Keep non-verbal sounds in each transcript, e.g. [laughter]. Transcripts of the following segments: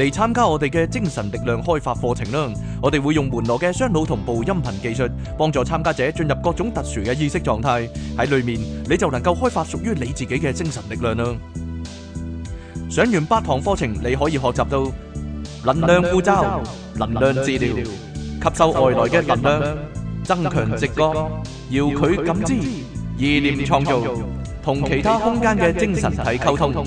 嚟參加我哋嘅精神力量開發課程啦！我哋會用門羅嘅雙腦同步音頻技術，幫助參加者進入各種特殊嘅意識狀態。喺裡面你就能夠開發屬於你自己嘅精神力量啦！上完八堂課程，你可以學習到能量護罩、能量治療、吸收外來嘅能量、增強直覺、遙距感知、意念創造、同其他空間嘅精神體溝通。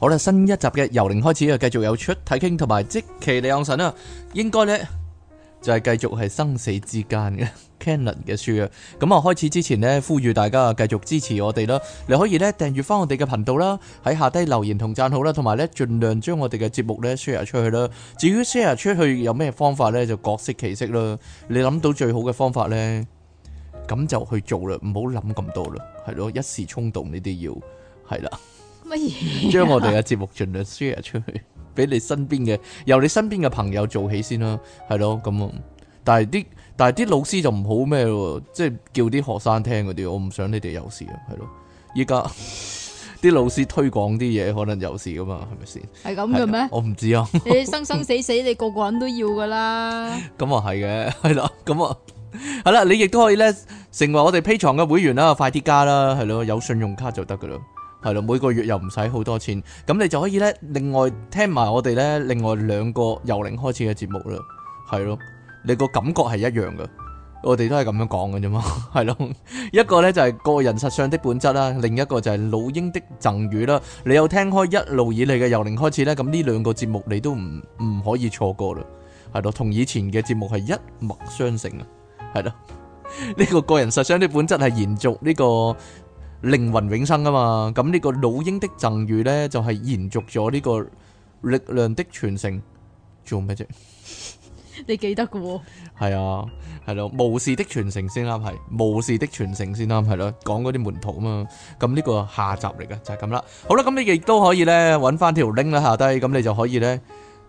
好啦，新一集嘅由零開始啊，繼續有出睇傾，同埋即期利昂神啊，應該呢就係、是、繼續係生死之間嘅 [laughs] Canon 嘅書啊。咁、嗯、啊，開始之前呢，呼籲大家啊，繼續支持我哋啦。你可以呢訂閱翻我哋嘅頻道啦，喺下低留言同讚好啦，同埋呢盡量將我哋嘅節目呢 share 出去啦。至於 share 出去有咩方法呢？就各適其適啦。你諗到最好嘅方法呢，咁就去做啦，唔好諗咁多啦，係咯，一時衝動你哋要係啦。 [laughs] 將我哋嘅節目盡量 share 出去，俾你身邊嘅，由你身邊嘅朋友做起先啦，係咯，咁啊。但係啲，但係啲老師就唔好咩咯，即係叫啲學生聽嗰啲，我唔想你哋有事啊，係咯。依家啲老師推廣啲嘢，可能有事噶嘛，係咪先？係咁嘅咩？我唔知啊。你生生死死，死，你個個人都要噶啦。咁啊係嘅，係啦，咁啊係啦，你亦都可以咧，成為我哋 P 床嘅會員啦，快啲加啦，係咯，有信用卡就得噶啦。係咯，每個月又唔使好多錢，咁你就可以咧，另外聽埋我哋咧，另外兩個由零開始嘅節目啦，係咯，你個感覺係一樣噶，我哋都係咁樣講嘅啫嘛，係咯，一個咧就係個人實相的本質啦，另一個就係老鷹的贈予啦，你有聽開一路以嚟嘅由零開始咧，咁呢兩個節目你都唔唔可以錯過啦，係咯，同以前嘅節目係一脈相承啊，係咯，呢個個人實相的本質係延續呢個。靈魂永生啊嘛，咁、這、呢個老鷹的贈語咧就係、是、延續咗呢個力量的傳承，做咩啫？ [laughs] 你記得噶喎？係啊，係咯、啊啊，無視的傳承先啱，係無視的傳承先啱，係咯，講嗰啲門徒嘛，咁、啊、呢、這個下集嚟嘅，就係咁啦。好啦，咁你亦都可以咧，搵翻條 link 啦、啊、下低，咁你就可以咧，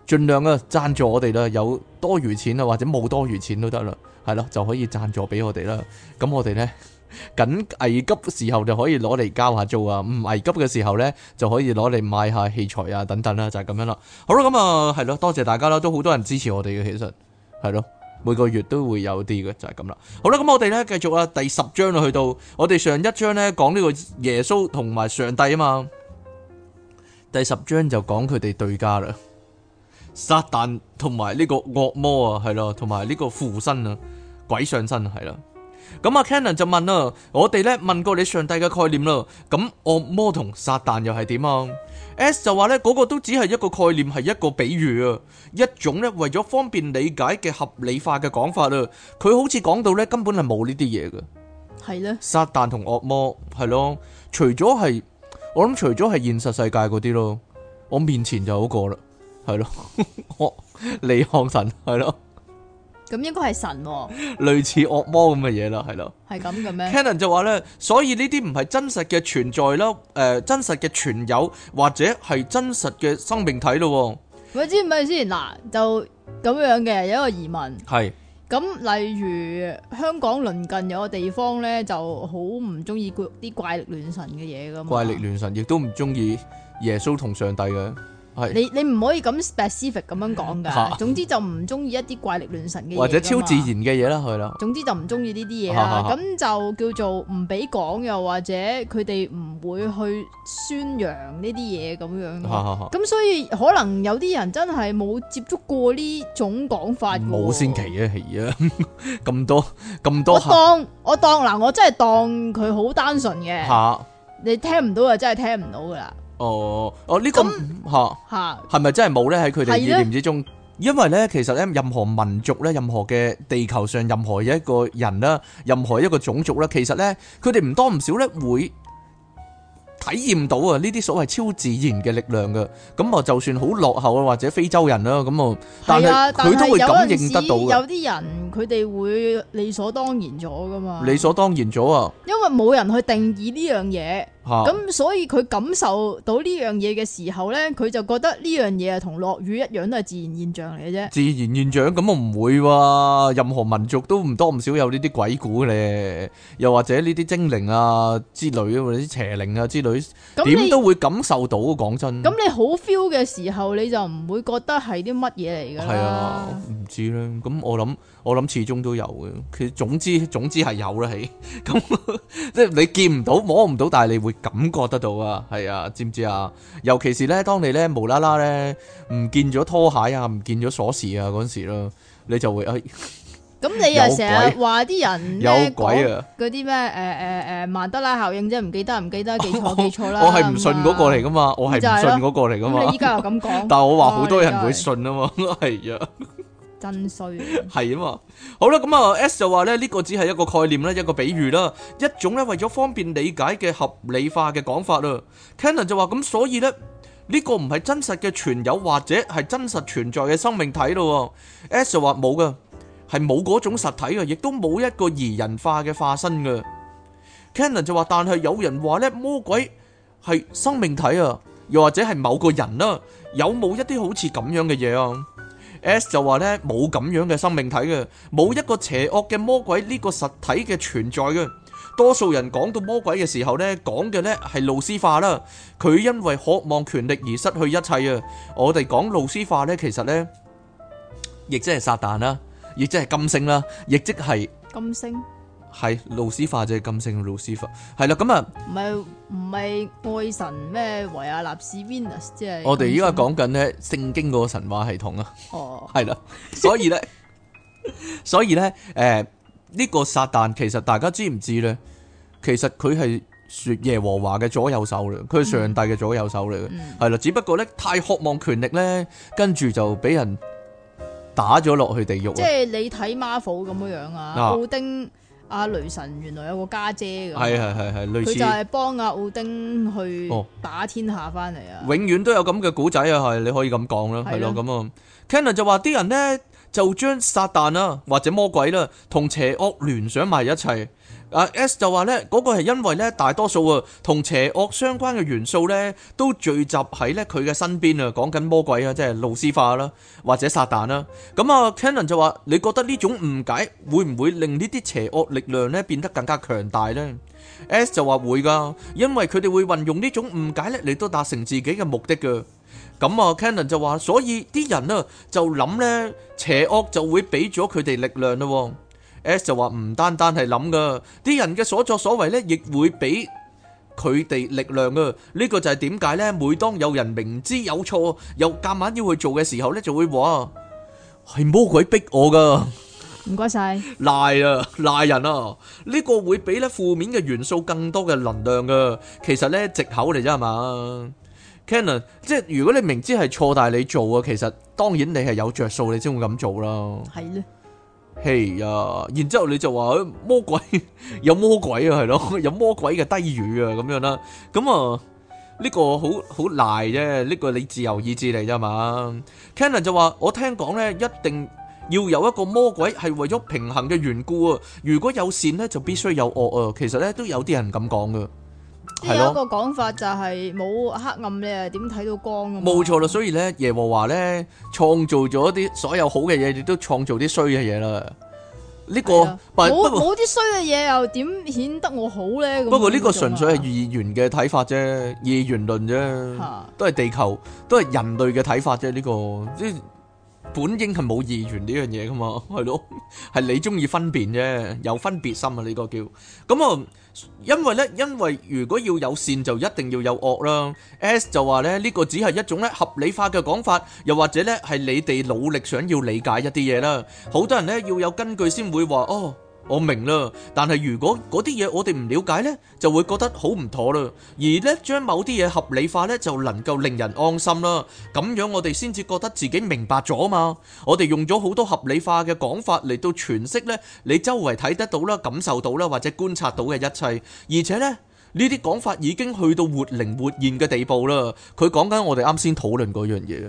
盡量啊贊助我哋啦，有多餘錢啊或者冇多餘錢都得啦，係咯、啊，就可以贊助俾我哋啦，咁我哋咧。緊危急時候就可以攞嚟交下租啊，唔危急嘅時候呢，就可以攞嚟買下器材啊，等等啦，就係、是、咁樣啦。好啦，咁啊係咯，多謝大家啦，都好多人支持我哋嘅，其實係咯，每個月都會有啲嘅，就係咁啦。好啦，咁、嗯嗯、我哋呢，繼續啊，第十章去到我哋上一章呢，講呢個耶穌同埋上帝啊嘛，第十章就講佢哋對家啦，撒旦同埋呢個惡魔啊，係咯，同埋呢個附身啊，鬼上身啊，係啦。咁啊 Canon 就問啊，我哋咧問過你上帝嘅概念啦，咁、嗯、惡魔同撒旦又係點啊？S 就話咧，嗰個都只係一個概念，係一個比喻啊，一種咧為咗方便理解嘅合理化嘅講法啊。佢好似講到咧根本係冇呢啲嘢嘅，係咧。撒旦同惡魔係咯，除咗係我諗，除咗係現實世界嗰啲咯，我面前就有個啦，係咯，我 [laughs] 李漢神係咯。咁應該係神喎、哦， [laughs] 類似惡魔咁嘅嘢啦，係咯，係咁嘅咩？Canon 就話咧，所以呢啲唔係真實嘅存在咯，誒、呃，真實嘅存有或者係真實嘅生命體咯。唔知唔知先嗱，就咁樣嘅有一個疑問，係咁是，例如香港鄰近有個地方咧，就好唔中意啲怪力亂神嘅嘢噶嘛，怪力亂神亦都唔中意耶穌同上帝嘅。是你你唔可以咁 specific 咁樣講噶，啊、總之就唔中意一啲怪力亂神嘅或者超自然嘅嘢啦，係啦。總之就唔中意呢啲嘢啦，咁、啊啊、就叫做唔俾講，又或者佢哋唔會去宣揚呢啲嘢咁樣。咁、啊啊、所以可能有啲人真係冇接觸過呢種講法。冇先奇啊，係啊，咁 [laughs] 多咁多我。我當我當嗱，我真係當佢好單純嘅。啊、你聽唔到就真係聽唔到噶啦。哦，哦呢個吓，係咪真係冇呢？喺佢哋意念之中，因為呢，其實呢，任何民族呢，任何嘅地球上任何一個人啦，任何一個種族啦，其實呢，佢哋唔多唔少呢會體驗到啊呢啲所謂超自然嘅力量㗎。咁啊，就算好落後啊，或者非洲人啦，咁啊，但係佢都會感應得到啊。有啲人佢哋會理所當然咗㗎嘛？理所當然咗啊！因為冇人去定義呢樣嘢。咁所以佢感受到呢樣嘢嘅時候咧，佢就覺得呢樣嘢啊同落雨一樣都係自然現象嚟嘅啫。自然現象。咁啊唔會喎，任何民族都唔多唔少有呢啲鬼故咧，又或者呢啲精靈啊之類，或者啲邪靈啊之類，點都會感受到。講真，咁你好 feel 嘅時候，你就唔會覺得係啲乜嘢嚟嘅？係啊，唔知咧。咁我諗，我諗始終都有嘅。其實總之總之係有啦，咁即係你見唔到摸唔到，但係你會。感覺得到啊，係啊，知唔知啊？尤其是咧，當你咧無啦啦咧唔見咗拖鞋啊，唔見咗鎖匙啊嗰陣時咯，你就會哎。咁你又成日話啲人有鬼啊！嗰啲咩誒誒誒曼德拉效應啫，唔記得唔記得， [laughs] 我記錯記錯啦。我係唔信嗰個嚟噶嘛， [laughs] 我係唔信嗰個嚟噶嘛。依家又咁講， [laughs] 但係我話好多人唔會信啊嘛，係啊。 [laughs] [laughs] 真衰，係啊嘛。好啦，咁啊 S 就話咧呢個只係一個概念啦，一個比喻啦，一種咧為咗方便理解嘅合理化嘅講法啦。Canon 就話咁，所以咧呢個唔係真實嘅存有，或者係真實存在嘅生命體咯。S 就話冇噶，係冇嗰種實體噶，亦都冇一個擬人化嘅化身噶。Canon 就話，但係有人話咧魔鬼係生命體啊，又或者係某個人啦，有冇一啲好似咁樣嘅嘢啊？S, S 就話咧冇咁樣嘅生命體嘅，冇一個邪惡嘅魔鬼呢個實體嘅存在嘅。多數人講到魔鬼嘅時候咧，講嘅咧係路斯化啦。佢因為渴望權力而失去一切啊。我哋講路斯化呢，其實呢，亦即係撒旦啦，亦即係金星啦，亦即係金星。係路斯化即係金星，路斯化，係啦。咁啊，唔係唔係愛神咩？維亞納斯 Venus 即係，我哋依家講緊咧聖經嗰個神話系統啊，哦，係啦，所以咧， [laughs] 所以咧，誒、呃、呢、這個撒旦其實大家知唔知咧？其實佢係說耶和華嘅左右手咧，佢係上帝嘅左右手嚟嘅。係啦、嗯，只不過咧太渴望權力咧，跟住就俾人打咗落去地獄。即係你睇 Marvel 咁樣樣啊，布丁。阿雷神原來有個家姐㗎，係係係係，佢就係幫阿奧丁去打天下返嚟、哦、永遠都有咁嘅古仔啊，你可以咁講啦，係咯咁啊。Canner 就話啲人咧。就將撒旦啦、啊，或者魔鬼啦、啊，同邪惡聯想埋一齊。啊、uh，S 就話呢嗰、那個係因為呢，大多數啊同邪惡相關嘅元素呢，都聚集喺呢佢嘅身邊啊，講緊魔鬼啊，即係路西法啦、啊、或者撒旦啦、啊。咁啊，Cannon 就話：你覺得呢種誤解會唔會令呢啲邪惡力量呢變得更加強大呢？」S 就話會㗎，因為佢哋會運用呢種誤解咧嚟到達成自己嘅目的㗎。咁啊，Canon 就話，所以啲人啊就諗咧，邪惡就會俾咗佢哋力量咯。S 就話唔單單係諗噶，啲人嘅所作所為咧，亦會俾佢哋力量噶。呢個就係點解咧？每當有人明知有錯又夾硬要去做嘅時候咧，就會話係魔鬼逼我噶。唔該晒。賴啊賴人啊，呢個會俾咧負面嘅元素更多嘅能量噶。其實咧，借口嚟啫係嘛。Canon，即係如果你明知係錯，但係你做啊，其實當然你係有着數，你先會咁做啦。係咯，係啦，然之後你就話魔鬼有魔鬼啊，係咯，有魔鬼嘅低語啊，咁樣啦。咁啊，呢個好好賴啫，呢個你自由意志嚟啫嘛。Canon 就話：我聽講咧，一定要有一個魔鬼係為咗平衡嘅緣故啊。如果有善咧，就必須有惡啊。其實咧，都有啲人咁講噶。呢一個講法就係冇黑暗你啊點睇到光噶嘛？冇錯啦，所以咧，耶和華咧創造咗啲所有好嘅嘢，亦都創造啲衰嘅嘢啦。呢個冇冇啲衰嘅嘢又點顯得我好咧？不過呢個純粹係二元嘅睇法啫，啊、二元論啫，都係地球都係人類嘅睇法啫。呢個即係本應係冇二元呢樣嘢噶嘛，係咯？係你中意分別啫，有分別心啊呢個叫咁啊。因為咧，因為如果要有善，就一定要有惡啦。S 就話咧，呢個只係一種咧合理化嘅講法，又或者咧係你哋努力想要理解一啲嘢啦。好多人咧要有根據先會話哦。我明啦，但係如果嗰啲嘢我哋唔了解呢，就會覺得好唔妥啦。而呢，將某啲嘢合理化呢，就能夠令人安心啦。咁樣我哋先至覺得自己明白咗嘛。我哋用咗好多合理化嘅講法嚟到詮釋呢，你周圍睇得到啦、感受到啦或者觀察到嘅一切，而且呢，呢啲講法已經去到活靈活現嘅地步啦。佢講緊我哋啱先討論嗰樣嘢。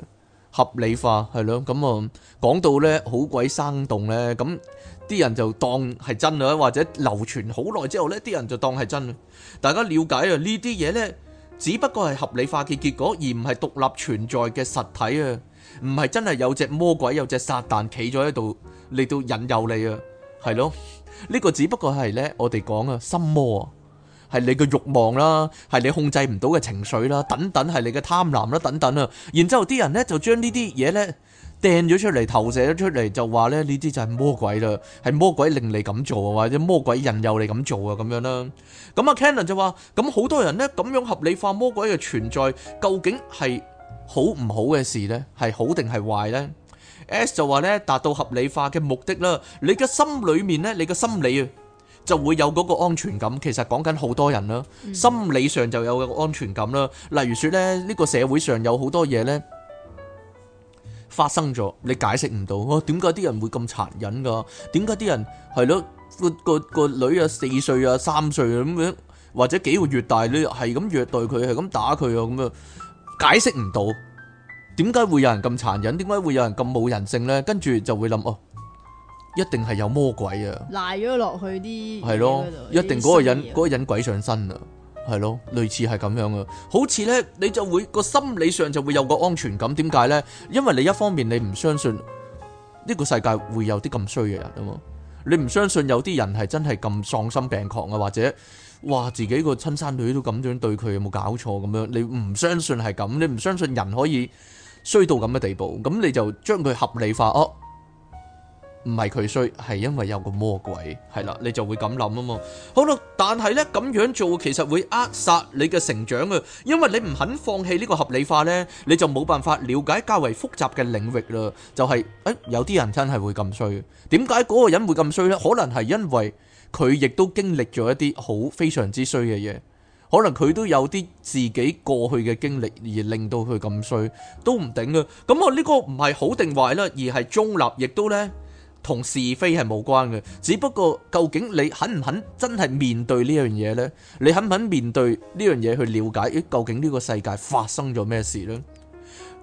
合理化係咯，咁啊講到呢，好鬼生動呢。咁啲人就當係真啦，或者流傳好耐之後呢，啲人就當係真啦。大家了解啊，呢啲嘢呢，只不過係合理化嘅結果，而唔係獨立存在嘅實體啊，唔係真係有隻魔鬼有隻撒旦企咗喺度嚟到引誘你啊，係咯。呢個只不過係呢，我哋講啊心魔啊。係你嘅慾望啦，係你控制唔到嘅情緒啦，等等，係你嘅貪婪啦，等等啊。然之後啲人咧就將呢啲嘢咧掟咗出嚟，投射咗出嚟，就話咧呢啲就係魔鬼啦，係魔鬼令你咁做啊，或者魔鬼引誘你咁做啊，咁樣啦。咁啊，Cannon 就話，咁好多人咧咁樣合理化魔鬼嘅存在，究竟係好唔好嘅事咧？係好定係壞咧？S 就話咧達到合理化嘅目的啦，你嘅心裏面咧，你嘅心理啊。就會有嗰個安全感，其實講緊好多人啦，心理上就有個安全感啦。例如説咧，呢個社會上有好多嘢咧發生咗，你解釋唔到，點解啲人會咁殘忍㗎？點解啲人係咯，個個個女啊，四歲啊，三歲啊咁樣，或者幾個月大，你係咁虐待佢，係咁打佢啊咁啊，解釋唔到，點解會有人咁殘忍？點解會有人咁冇人性咧？跟住就會諗哦。一定係有魔鬼啊，賴咗落去啲係咯，一定嗰個人嗰個人鬼上身啦，係咯，類似係咁樣啊。好似呢，你就會個心理上就會有個安全感。點解呢？因為你一方面你唔相信呢個世界會有啲咁衰嘅人啊嘛，你唔相信有啲人係真係咁喪心病狂啊，或者哇自己個親生女都咁樣對佢有冇搞錯咁樣？你唔相信係咁，你唔相信人可以衰到咁嘅地步，咁你就將佢合理化哦。唔係佢衰，係因為有個魔鬼，係啦，你就會咁諗啊嘛。好啦，但係呢咁樣做其實會扼殺你嘅成長啊，因為你唔肯放棄呢個合理化呢，你就冇辦法了解較為複雜嘅領域啦。就係誒，有啲人真係會咁衰，點解嗰個人會咁衰呢？可能係因為佢亦都經歷咗一啲好非常之衰嘅嘢，可能佢都有啲自己過去嘅經歷而令到佢咁衰，都唔定啦。咁我呢個唔係好定壞啦，而係中立，亦都呢。同是非係無關嘅，只不過究竟你肯唔肯真係面對呢樣嘢咧？你肯唔肯面對呢樣嘢去了解究竟呢個世界發生咗咩事咧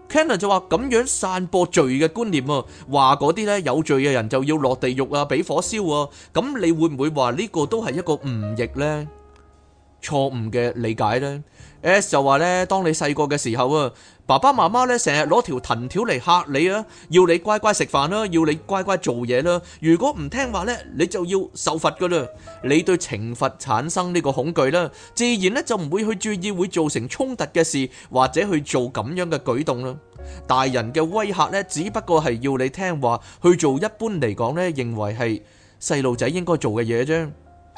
？Kennan 就話：咁樣散播罪嘅觀念啊，話嗰啲咧有罪嘅人就要落地獄啊，俾火燒啊！咁你會唔會話呢個都係一個誤譯咧、錯誤嘅理解咧？S, S 就話咧，當你細個嘅時候啊，爸爸媽媽咧成日攞條藤條嚟嚇你啊，要你乖乖食飯啦，要你乖乖做嘢啦。如果唔聽話咧，你就要受罰噶啦。你對懲罰產生呢個恐懼啦，自然咧就唔會去注意會造成衝突嘅事，或者去做咁樣嘅舉動啦。大人嘅威嚇咧，只不過係要你聽話去做。一般嚟講咧，認為係細路仔應該做嘅嘢啫。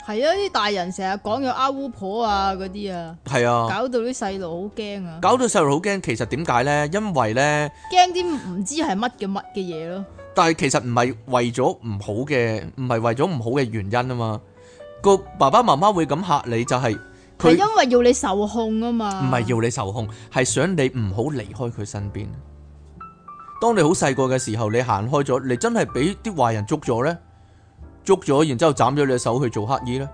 係啊，啲大人成日講有阿烏婆啊，嗰啲啊，係啊，搞到啲細路好驚啊，搞到細路好驚。其實點解呢？因為呢，驚啲唔知係乜嘅乜嘅嘢咯。但係其實唔係為咗唔好嘅，唔係為咗唔好嘅原因啊嘛。個爸爸媽媽會咁嚇你，就係佢因為要你受控啊嘛。唔係要你受控，係想你唔好離開佢身邊。當你好細個嘅時候，你行開咗，你真係俾啲壞人捉咗呢。捉咗，然之後斬咗你隻手去做乞兒咧，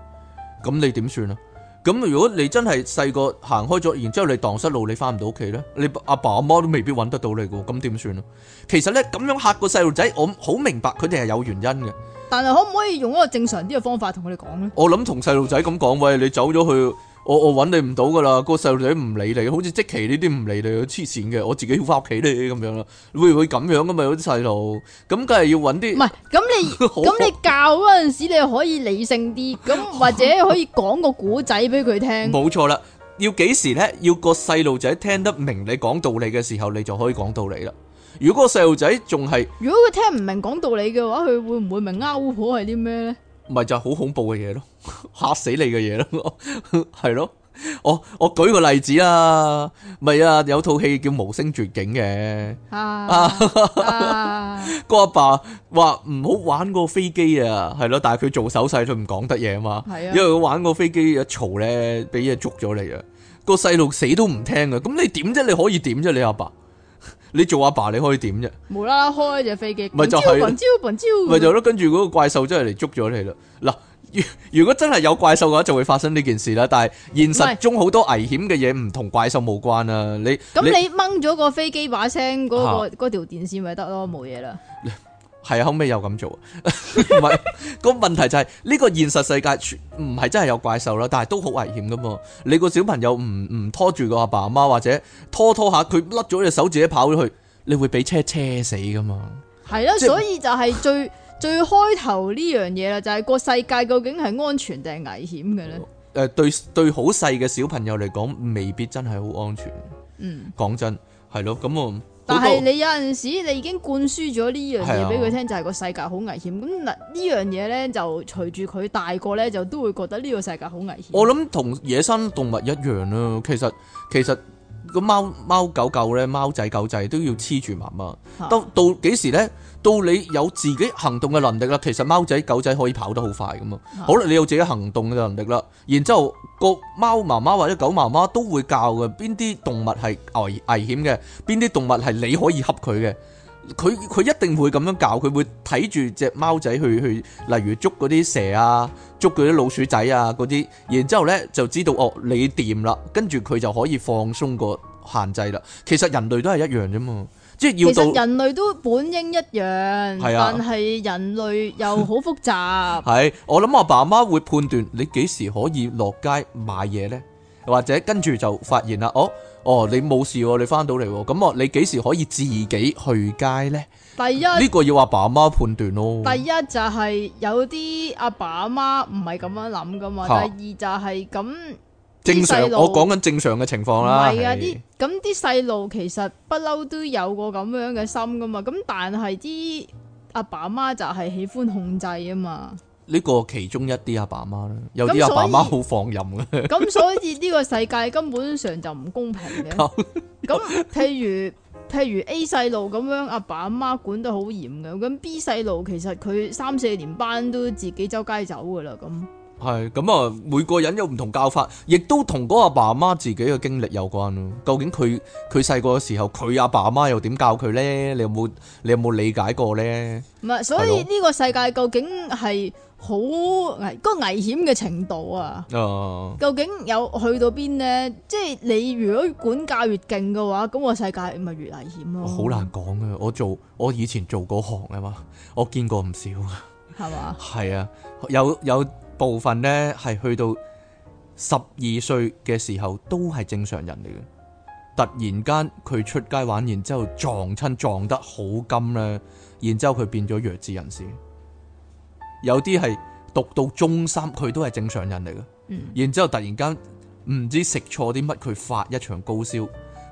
咁你點算啊？咁如果你真係細個行開咗，然之後你蕩失路你，你翻唔到屋企咧，你阿爸阿媽，媽都未必揾得到你嘅，咁點算啊？其實咧，咁樣嚇個細路仔，我好明白佢哋係有原因嘅，但係可唔可以用一個正常啲嘅方法同佢哋講咧？我諗同細路仔咁講，喂，你走咗去。我我揾你唔到噶啦，個細路仔唔理你，好似積奇呢啲唔理你黐線嘅，我自己要翻屋企咧，咁樣啦。會唔會咁樣噶嘛？有啲細路，咁梗係要揾啲唔係。咁你咁 [laughs] 你教嗰陣時，你可以理性啲，咁或者可以講個古仔俾佢聽。冇 [laughs] 錯啦，要幾時咧？要個細路仔聽得明你講道理嘅時候，你就可以講道理啦。如果個細路仔仲係，如果佢聽唔明講道理嘅話，佢會唔會明歐婆係啲咩咧？咪就係好恐怖嘅嘢咯，嚇死你嘅嘢咯，係 [laughs] 咯，我我舉個例子啊，咪啊有套戲叫無聲絕境嘅，啊個阿爸話唔好玩個飛機啊，係咯、 [laughs] 啊， [laughs] 但係佢做手勢佢唔講得嘢啊嘛，因為佢玩個飛機一嘈咧，俾嘢捉咗你啊，個細路死都唔聽啊，咁你點啫，你可以點啫，你阿爸。你做阿爸，爸，你可以點啫？無啦啦開隻飛機，唔係就係，唔招，唔招，咪就咯。跟住嗰個怪獸真係嚟捉咗你啦。嗱，如果真係有怪獸嘅話，就會發生呢件事啦。但係現實中好多危險嘅嘢，唔同怪獸無關啊。你咁你掹咗個飛機把聲嗰個嗰條電線咪得咯，冇嘢啦。係啊，後尾又咁做，唔 [laughs] 係是 [laughs] 個問題就係、是、呢、這個現實世界唔係真係有怪獸啦，但係都好危險噶嘛。你個小朋友唔唔拖住個阿爸阿媽，或者拖拖下佢甩咗隻手自己跑咗去，你會俾車車死噶嘛？係咯，所以就係最 [laughs] 最，最開頭呢樣嘢啦，就係、是、個世界究竟係安全定係危險嘅咧？誒，對對，好細嘅小朋友嚟講，未必真係好安全。嗯，講真係咯，咁我。但係你有陣時，你已經灌輸咗呢樣嘢俾佢聽，就係個世界好危險。咁嗱的，呢樣嘢咧就隨住佢大個咧，就都會覺得呢個世界好危險。我諗同野生動物一樣啦、啊，其實其實。個貓貓狗狗咧，貓仔狗仔都要黐住媽媽。到到幾時咧？到你有自己行動嘅能力啦。其實貓仔狗仔可以跑得好快咁嘛。好啦，你有自己行動嘅能力啦。然之後個貓媽媽或者狗媽媽都會教嘅，邊啲動物係危危險嘅，邊啲動物係你可以恰佢嘅。佢佢一定會咁樣教，佢會睇住隻貓仔去去，例如捉嗰啲蛇啊，捉嗰啲老鼠仔啊嗰啲，然之後呢就知道哦，你掂啦，跟住佢就可以放鬆個限制啦。其實人類都係一樣啫嘛，即係要到。其實人類都本應一樣，係啊，但係人類又好複雜。係， [laughs] 我諗我爸媽會判斷你幾時可以落街買嘢呢？或者跟住就發現啦，哦。哦，你冇事，你翻到嚟，咁啊？你幾時可以自己去街呢？第一呢個要阿爸阿媽判斷咯。第一就係有啲阿爸阿媽唔係咁樣諗噶嘛，哈第二就係咁正細路，我講緊正常嘅情況啦。唔係啊，啲咁啲細路其實不嬲都有個咁樣嘅心噶嘛，咁但係啲阿爸阿媽就係喜歡控制啊嘛。呢個其中一啲阿爸，爸媽咧，有啲阿爸，爸媽好放任嘅。咁所以呢 [laughs] 個世界根本上就唔公平嘅。咁 [laughs] 譬如譬如 A 細路咁樣，阿爸阿媽，媽管得好嚴嘅。咁 B 細路其實佢三四年班都自己周街走噶啦咁。係咁啊！每個人有唔同教法，亦都同嗰阿爸阿媽自己嘅經歷有關咯。究竟佢佢細個嘅時候，佢阿爸阿媽又點教佢咧？你有冇你有冇理解過咧？唔係，所以呢個世界究竟係好危嗰個危險嘅程度啊？呃，究竟有去到邊咧？即係你如果管教越勁嘅話，咁個世界咪越危險咯。好難講啊！我做我以前做嗰行啊嘛，我見過唔少，係嘛？係啊，有有。部分呢係去到十二歲嘅時候都係正常人嚟嘅，突然間佢出街玩，然之後撞親撞得好金啦。然之後佢變咗弱智人士。有啲係讀到中三，佢都係正常人嚟嘅，嗯，然之後突然間唔知食錯啲乜，佢發一場高燒。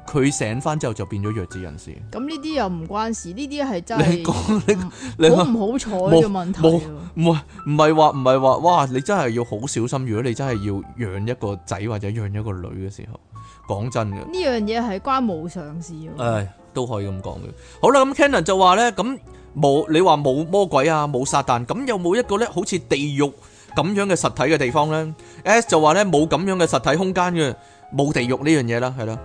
佢醒翻之後就變咗弱智人士。咁呢啲又唔關事，呢啲係真係好唔好彩嘅問題，唔係唔係話唔係話哇！你真係要好小心。如果你真係要養一個仔或者養一個女嘅時候，講真嘅呢樣嘢係關冇常事啊！誒都可以咁講嘅。好啦，咁 Canon 就話咧，咁冇你話冇魔鬼啊，冇撒旦咁有冇一個咧好似地獄咁樣嘅實體嘅地方咧？S 就話咧，冇咁樣嘅實體空間嘅，冇地獄呢樣嘢啦，係啦。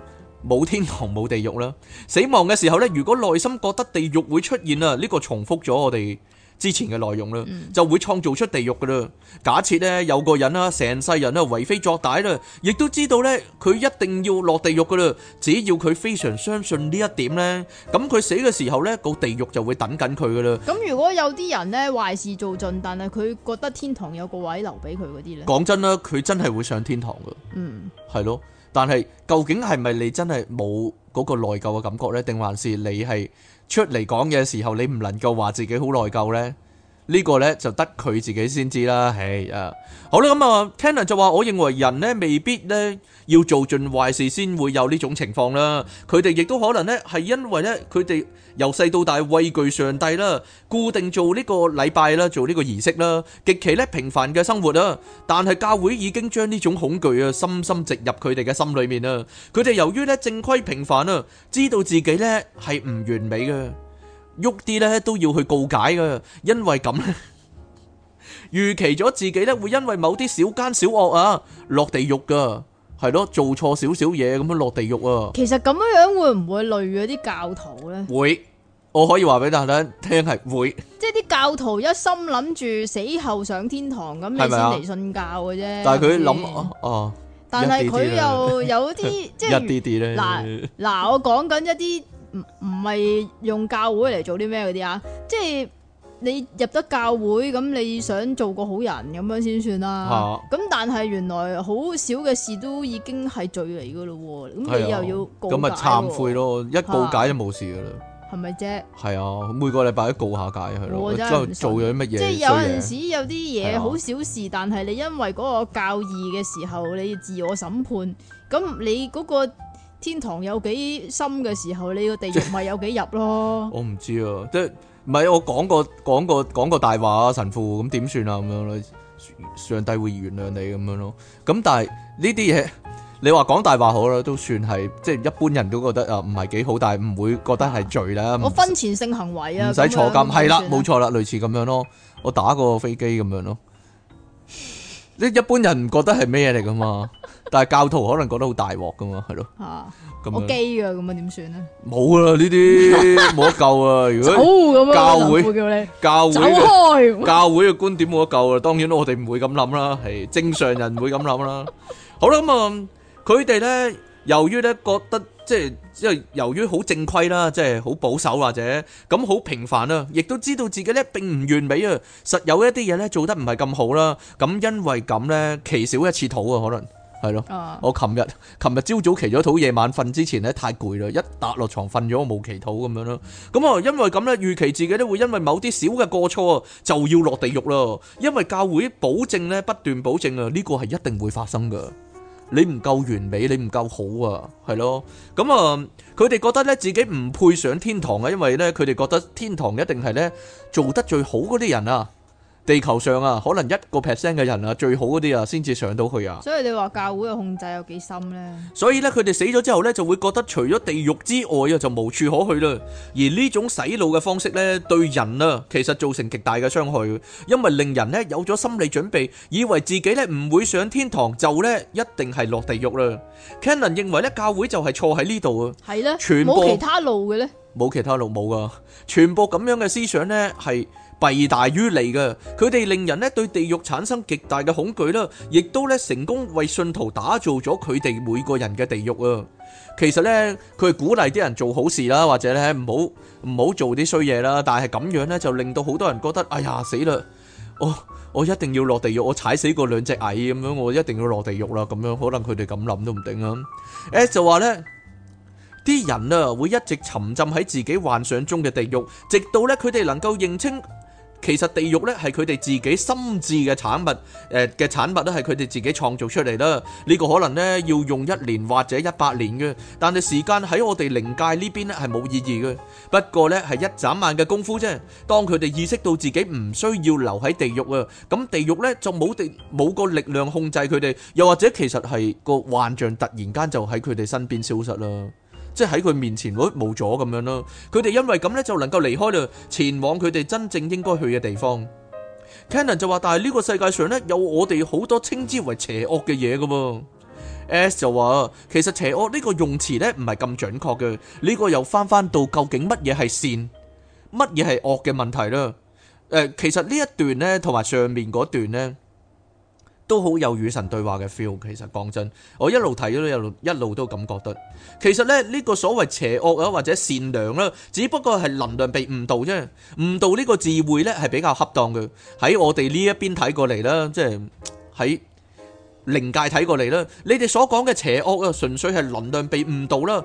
冇天堂冇地獄啦，死亡嘅時候呢，如果內心覺得地獄會出現啦，呢個重複咗我哋之前嘅內容啦，就會創造出地獄噶啦。假設呢有個人啦，成世人呀為非作歹啦，亦都知道呢佢一定要落地獄噶啦，只要佢非常相信呢一點呢，咁佢死嘅時候呢個地獄就會等緊佢噶啦。咁如果有啲人呢壞事做盡，但係佢覺得天堂有個位留俾佢嗰啲呢，講真啦，佢真係會上天堂噶。嗯，係咯。但係，究竟係咪你真係冇嗰個內疚嘅感覺咧？定還是你係出嚟講嘢嘅時候，你唔能夠話自己好內疚咧？呢個呢，就得佢自己先知啦，係啊，好啦，咁啊 Kenneth 就話：我認為人呢，未必呢要做盡壞事先會有呢種情況啦。佢哋亦都可能呢，係因為呢，佢哋由細到大畏懼上帝啦，固定做呢個禮拜啦，做呢個儀式啦，極其呢平凡嘅生活啊。但係教會已經將呢種恐懼啊深深植入佢哋嘅心裡面啊。佢哋由於呢，正規平凡啊，知道自己呢係唔完美嘅。喐啲咧都要去告解噶，因為咁咧預期咗自己咧會因為某啲小奸小惡啊落地獄噶，係咯做錯少少嘢咁樣落地獄啊。其實咁樣樣會唔會累咗啲教徒咧？會，我可以話俾大家聽係會，即係啲教徒一心諗住死後上天堂咁，你先嚟信教嘅啫。但係佢諗哦，但係佢又有啲即係一啲啲咧。嗱嗱，我講緊一啲。唔唔係用教會嚟做啲咩嗰啲啊？即係你入得教會，咁你想做個好人咁樣先算啦。咁、啊、但係原來好少嘅事都已經係罪嚟噶咯，咁你又要告解。咁咪懺悔咯，啊、一告解就冇事噶啦。係咪啫？係啊，每個禮拜一告下解係咯，之後、啊、做咗啲乜嘢？即係有陣時有啲嘢好小事，啊、但係你因為嗰個教義嘅時候，你要自我審判，咁你嗰、嗰個。天堂有幾深嘅時候，你個地獄咪有幾入咯？ [laughs] 我唔知啊，即係唔係我講過講過講過大話啊，神父咁點算啊咁樣咯？上帝會原諒你咁樣咯？咁但係呢啲嘢，你話講大話好啦，都算係即係一般人都覺得啊，唔係幾好，但係唔會覺得係罪咧？我婚前性行為啊，唔使不樣坐監係啦，冇錯啦，類似咁樣咯，我打個飛機咁樣咯。 [laughs] 即一般人唔覺得係咩嘢嚟噶嘛，但係教徒可能覺得好大鑊噶嘛，係咯。啊，我基㗎咁啊，點算咧？冇啦，呢啲冇得救啊！如果教會教會教會嘅觀點冇得救啊，當然啦，我哋唔會咁諗啦，係正常人唔會咁諗啦。好啦，咁啊，佢哋咧，由於咧覺得。即係因為由於好正規啦，即係好保守或者咁好平凡啊，亦都知道自己呢並唔完美啊，實有一啲嘢呢做得唔係咁好啦。咁因為咁呢，祈少一次禱啊，可能係咯。啊、我琴日琴日朝早祈咗禱，夜晚瞓之前呢太攰啦，一笪落床瞓咗我冇祈禱咁樣咯。咁、嗯、啊，因為咁呢，預期自己都會因為某啲小嘅過錯啊就要落地獄咯。因為教會保證呢，不斷保證啊，呢、這個係一定會發生噶。你唔夠完美，你唔夠好啊，係咯，咁、嗯、啊，佢哋覺得咧自己唔配上天堂啊，因為咧佢哋覺得天堂一定係咧做得最好嗰啲人啊。地球上啊，可能一個 percent 嘅人啊，最好嗰啲啊，先至上到去啊。所以你話教會嘅控制有幾深咧？所以咧，佢哋死咗之後咧，就會覺得除咗地獄之外啊，就無處可去啦。而呢種洗腦嘅方式咧，對人啊，其實造成極大嘅傷害嘅，因為令人咧有咗心理準備，以為自己咧唔會上天堂，就咧一定係落地獄啦。Cannon 認為咧，教會就係錯喺呢度啊。係咧，全部，冇其他路嘅咧。冇其他路冇噶，傳播咁樣嘅思想咧係。弊大於利嘅，佢哋令人咧對地獄產生極大嘅恐懼啦，亦都咧成功為信徒打造咗佢哋每個人嘅地獄啊。其實咧，佢係鼓勵啲人做好事啦，或者咧唔好唔好做啲衰嘢啦。但係咁樣咧，就令到好多人覺得，哎呀死啦！我我一定要落地獄，我踩死過兩隻蟻咁樣，我一定要落地獄啦。咁樣可能佢哋咁諗都唔定啊。誒，就話咧，啲人啊會一直沉浸喺自己幻想中嘅地獄，直到咧佢哋能夠認清。其實地獄咧係佢哋自己心智嘅產物，誒嘅產物都係佢哋自己創造出嚟啦。呢個可能咧要用一年或者一百年嘅，但係時間喺我哋靈界呢邊咧係冇意義嘅。不過咧係一眨眼嘅功夫啫，當佢哋意識到自己唔需要留喺地獄啊，咁地獄咧就冇地冇個力量控制佢哋，又或者其實係個幻象突然間就喺佢哋身邊消失啦。即係喺佢面前嗰冇咗咁樣咯，佢哋因為咁呢，就能夠離開嘞，前往佢哋真正應該去嘅地方。Cannon 就話：，但係呢個世界上呢，有我哋好多稱之為邪惡嘅嘢噶。S 就話：，其實邪惡呢個用詞呢，唔係咁準確嘅。呢、呢個又翻翻到究竟乜嘢係善，乜嘢係惡嘅問題啦、呃。其實呢一段呢，同埋上面嗰段呢，都好有與神對話嘅 feel，其實講真，我一路睇咗一路一路都咁覺得。其實咧，呢、這個所謂邪惡啊，或者善良啦，只不過係能量被誤導啫。誤導呢個智慧呢，係比較恰當嘅。喺我哋呢一邊睇過嚟啦，即係喺靈界睇過嚟啦。你哋所講嘅邪惡啊，純粹係能量被誤導啦，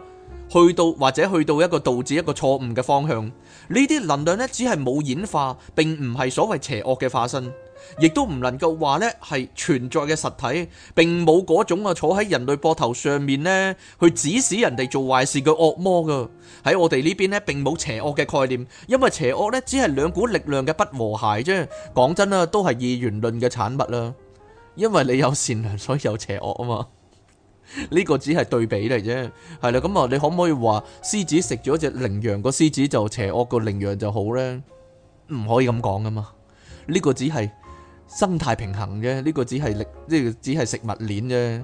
去到或者去到一個導致一個錯誤嘅方向。呢啲能量呢，只係冇演化，並唔係所謂邪惡嘅化身。亦都唔能夠話咧係存在嘅實體，並冇嗰種啊坐喺人類膊頭上面咧去指使人哋做壞事嘅惡魔噶。喺我哋呢邊咧，並冇邪惡嘅概念，因為邪惡咧只係兩股力量嘅不和諧啫。講真啦，都係二元論嘅產物啦。因為你有善良，所以有邪惡啊嘛。呢 [laughs] 個只係對比嚟啫，係啦。咁啊，你可唔可以話獅子食咗隻羚羊，個獅子就邪惡，個羚羊就好呢？唔可以咁講噶嘛。呢、呢個只係。生態平衡嘅呢、呢個只係力，即、這、係、個、只係食物鏈啫。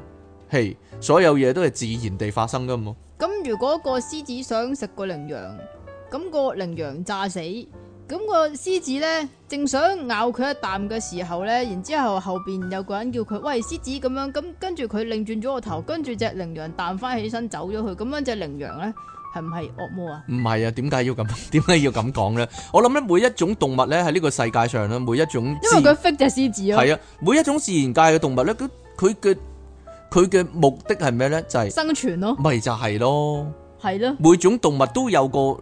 係、hey, 所有嘢都係自然地發生㗎嘛。咁如果個獅子想食個羚羊，咁、那個羚羊炸死，咁、那個獅子呢，正想咬佢一啖嘅時候呢，然之後後邊有個人叫佢喂獅子咁樣，咁跟住佢擰轉咗個頭，跟住隻羚羊彈翻起身走咗去，咁樣隻羚羊呢。係唔係惡魔啊？唔係啊，點解要咁？點解要咁講咧？我諗咧，每一種動物咧喺呢個世界上咧，每一種因為佢 fit 隻獅子啊。係啊，每一種自然界嘅動物咧，佢佢嘅佢嘅目的係咩咧？就係、是、生存、咯、就是就是咯。咪就係咯。係咯。每種動物都有個。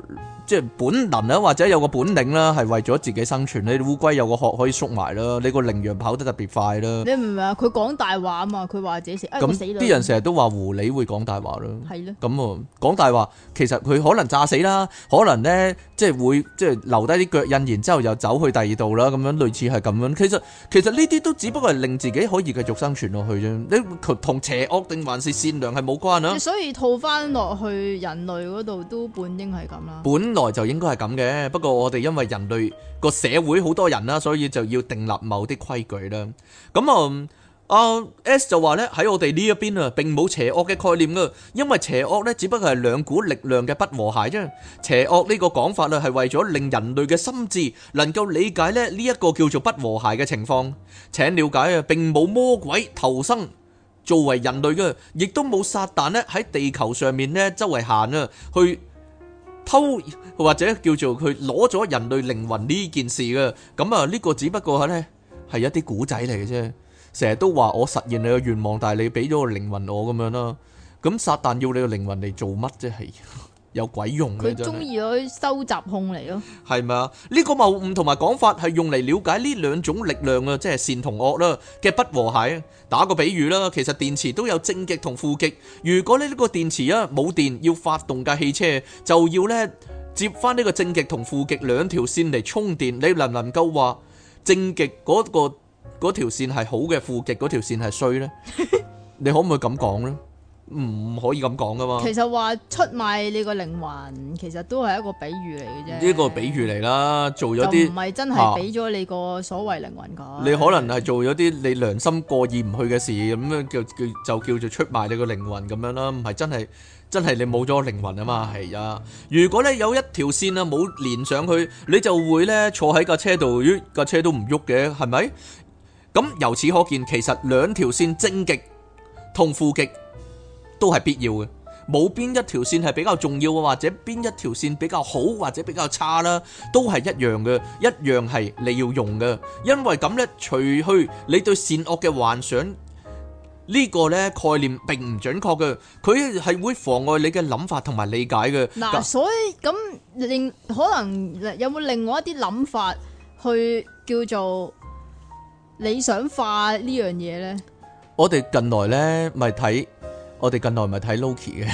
即係本能啦，或者有個本領啦，係為咗自己生存。你烏龜有個殼可以縮埋啦，你個羚羊跑得特別快啦。你唔明啊？佢講大話嘛，佢話自己死。咁、哎、啲樣人成日都話狐狸會講大話啦。係咯的。咁啊，講大話，其實佢可能詐死啦，可能咧即係會即係留低啲腳印，然之後又走去第二度啦。咁樣類似係咁樣。其實其實呢啲都只不過係令自己可以繼續生存落去啫。你同邪惡定還是善良係冇關啊？嗯、所以套翻落去人類嗰度都本應係咁啦。本就應該係咁嘅，不過我哋因為人類個社會好多人啦，所以就要訂立某啲規矩啦。咁啊，阿 S 就話咧喺我哋呢一邊啊，並冇邪惡嘅概念噶，因為邪惡咧只不過係兩股力量嘅不和諧啫。邪惡呢個講法啊，係為咗令人類嘅心智能夠理解咧呢一個叫做不和諧嘅情況，請了解啊，並冇魔鬼投生作為人類嘅，亦都冇撒旦咧喺地球上面咧周圍行啊去。偷或者叫做佢攞咗人類靈魂呢件事嘅，咁啊呢、這個只不過咧係一啲古仔嚟嘅啫。成日都話我實現你嘅願望，但係你俾咗個靈魂我咁樣啦、啊。咁撒旦要你個靈魂嚟做乜啫？係。 [laughs] 有鬼用嘅，佢中意去收集控嚟咯。係咪啊？呢個謬誤同埋講法係用嚟了解呢兩種力量啊，即係善同惡啦嘅不和諧。打個比喻啦，其實電池都有正極同負極。如果你呢個電池啊冇電，要發動架汽車，就要咧接翻呢個正極同負極兩條線嚟充電。你能唔能夠話正極嗰個嗰條線係好嘅，負極嗰條線係衰咧？你可唔可以咁講咧？唔可以咁講噶嘛，其實話出賣你個靈魂，其實都係一個比喻嚟嘅啫。呢個比喻嚟啦，做咗啲唔係真係俾咗你個所謂靈魂噶。你可能係做咗啲你良心過意唔去嘅事，咁樣叫叫就叫做出賣你個靈魂咁樣啦。唔係真係真係你冇咗靈魂啊嘛。係啊，如果咧有一條線啦冇連上去，你就會咧坐喺架車度，咦，架車都唔喐嘅，係咪？咁由此可見，其實兩條線正極同負極。都係必要嘅，冇邊一條線係比較重要嘅，或者邊一條線比較好或者比較差啦，都係一樣嘅，一樣係你要用嘅。因為咁呢，除去你對善惡嘅幻想呢個呢概念，並唔準確嘅，佢係會妨礙你嘅諗法同埋理解嘅。嗱，所以咁另可能有冇另外一啲諗法去叫做理想化呢樣嘢呢？我哋近來呢咪睇。我哋近來咪睇 Loki 嘅，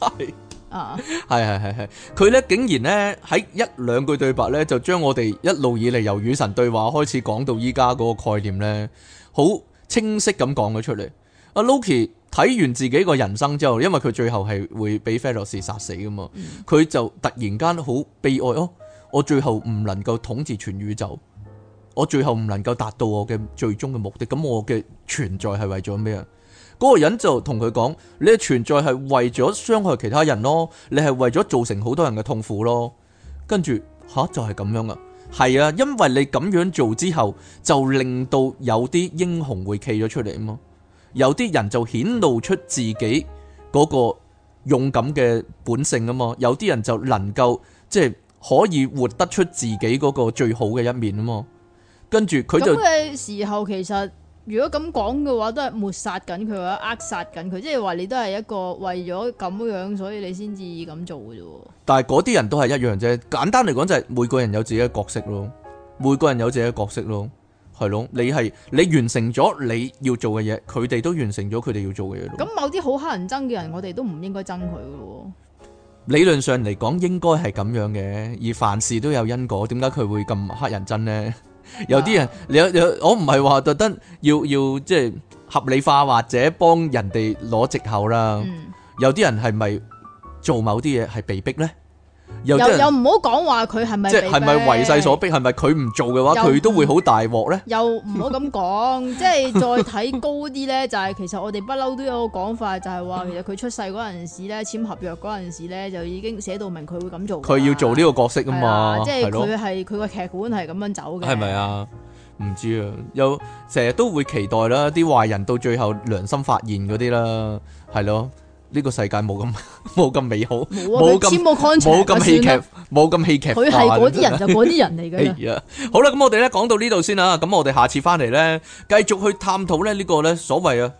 係 [laughs] 是啊，係係係係，佢咧竟然咧喺一兩句對白咧，就將我哋一路以嚟由與神對話開始講到依家嗰個概念咧，好清晰咁講咗出嚟。阿 Loki 睇完自己個人生之後，因為佢最後係會俾費洛斯殺死㗎嘛，佢、嗯、就突然間好悲哀哦，我最後唔能夠統治全宇宙，我最後唔能夠達到我嘅最終嘅目的，咁我嘅存在係為咗咩啊？嗰個人就同佢講：你嘅存在係為咗傷害其他人咯，你係為咗造成好多人嘅痛苦咯。跟住吓，就係咁樣啊，係啊，因為你咁樣做之後，就令到有啲英雄會企咗出嚟啊嘛，有啲人就顯露出自己嗰個勇敢嘅本性啊嘛，有啲人就能夠即係可以活得出自己嗰個最好嘅一面啊嘛。跟住佢就咁嘅時候，其實。如果咁講嘅話，都係抹殺緊佢，或者扼殺緊佢，即係話你都係一個為咗咁樣，所以你先至咁做嘅啫。但係嗰啲人都係一樣啫，簡單嚟講就係每個人有自己嘅角色咯，每個人有自己嘅角色咯，係咯，你係你完成咗你要做嘅嘢，佢哋都完成咗佢哋要做嘅嘢咯。咁某啲好乞人憎嘅人，我哋都唔應該憎佢嘅。理論上嚟講，應該係咁樣嘅，而凡事都有因果，點解佢會咁乞人憎呢？有啲人，你又、啊、我唔係話特登要要，即係合理化或者幫人哋攞藉口啦。嗯、有啲人係咪做某啲嘢係被逼咧？又又唔好講話，佢係咪即係係咪為勢所逼？係咪佢唔做嘅話，佢又都會好大鑊咧？又唔好咁講， [laughs] 即係再睇高啲咧，就係其實我哋不嬲都有個講法，就係話其實佢出世嗰陣時咧，簽 [laughs] 合約嗰陣時咧就已經寫到明佢會咁做。佢要做呢個角色啊嘛，即係佢係佢個劇本係咁樣走嘅。係咪啊？唔知啊，有成日都會期待啦，啲壞人到最後良心發現嗰啲啦，係咯。呢個世界冇咁冇咁美好，冇咁冇咁戲劇，冇咁戲劇化。佢係嗰啲人就嗰啲人嚟嘅啦。好啦，咁我哋咧講到呢度先啦。咁我哋下次翻嚟咧，繼續去探討咧呢個咧所謂啊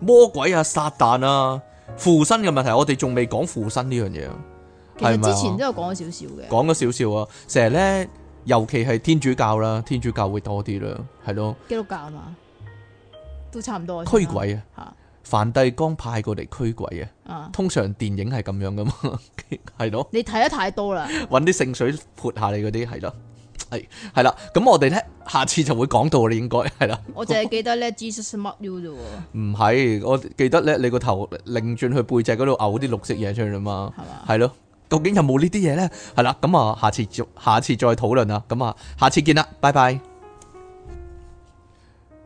魔鬼啊、撒旦啊附身嘅問題。我哋仲未講附身呢樣嘢。其實之前都有講咗少少嘅。講咗少少啊，成日咧，尤其係天主教啦，天主教會多啲啦，係咯。基督教啊嘛，都差唔多驅鬼啊吓。梵蒂岡派過嚟驅鬼啊！通常電影係咁樣噶嘛，係 [laughs] 咯的。你睇得太多啦，揾啲聖水潑下你嗰啲係咯，係係啦。咁我哋咧，下次就會講到你應該係啦。我淨係記得咧 Jesus [laughs] mark you 啫。唔係，我記得咧，你個頭擰轉去背脊嗰度嘔啲綠色嘢出嚟嘛，係嘛的，係咯。究竟有冇呢啲嘢咧？係啦，咁啊，下次下次再討論啊。咁啊，下次見啦，拜拜。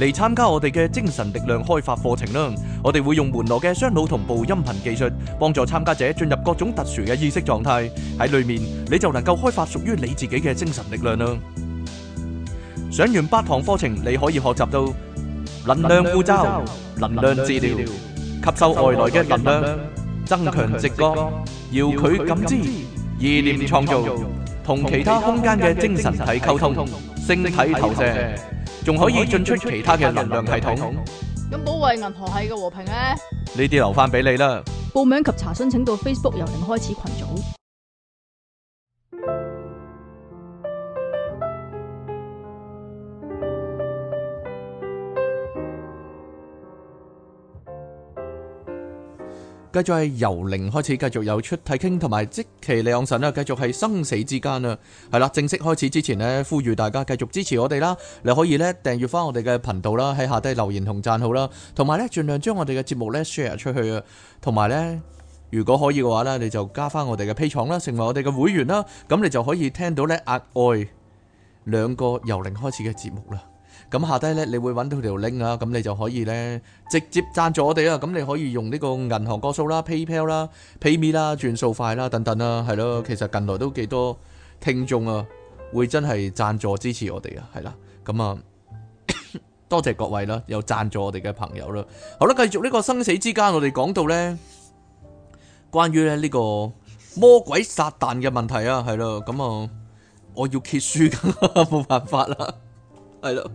嚟參加我哋嘅精神力量開發課程啦！我哋會用門羅嘅雙腦同步音頻技術，幫助參加者進入各種特殊嘅意識狀態。喺裏面你就能夠開發屬於你自己嘅精神力量啦！上完八堂課程，你可以學習到能量護罩、能量治療、吸收外來嘅能量、增強直覺、遙距感知、意念創造、同其他空間嘅精神體溝通、星體投射。仲可以進出其他嘅能量系統。咁，保衞銀河系嘅和平咧？呢啲留翻俾你啦。報名及查詢請到 Facebook 由零開始群組。繼續係由零開始，繼續有出體傾，同埋即期兩神咧，繼續係生死之間啦。係啦，正式開始之前呢，呼籲大家繼續支持我哋啦。你可以呢訂閱翻我哋嘅頻道啦，喺下低留言同讚好啦，同埋呢盡量將我哋嘅節目呢 share 出去啊。同埋呢，如果可以嘅話呢，你就加翻我哋嘅 Patreon 啦，成為我哋嘅會員啦，咁你就可以聽到呢，額外兩個由零開始嘅節目啦。咁下低咧，你會搵到條 link 啊，咁你就可以咧直接贊助我哋啊。咁你可以用呢個銀行個數啦、PayPal 啦 Pay、PayMe 啦、轉數快啦等等啦，係咯。其實近來都幾多聽眾啊，會真係贊助支持我哋啊，係啦。咁啊，多謝各位啦，有贊助我哋嘅朋友啦。好啦，繼續呢個生死之間，我哋講到咧，關於咧呢個魔鬼撒旦嘅問題啊，係咯。咁啊，我要揭結束，冇 [laughs] 辦法啦，係咯。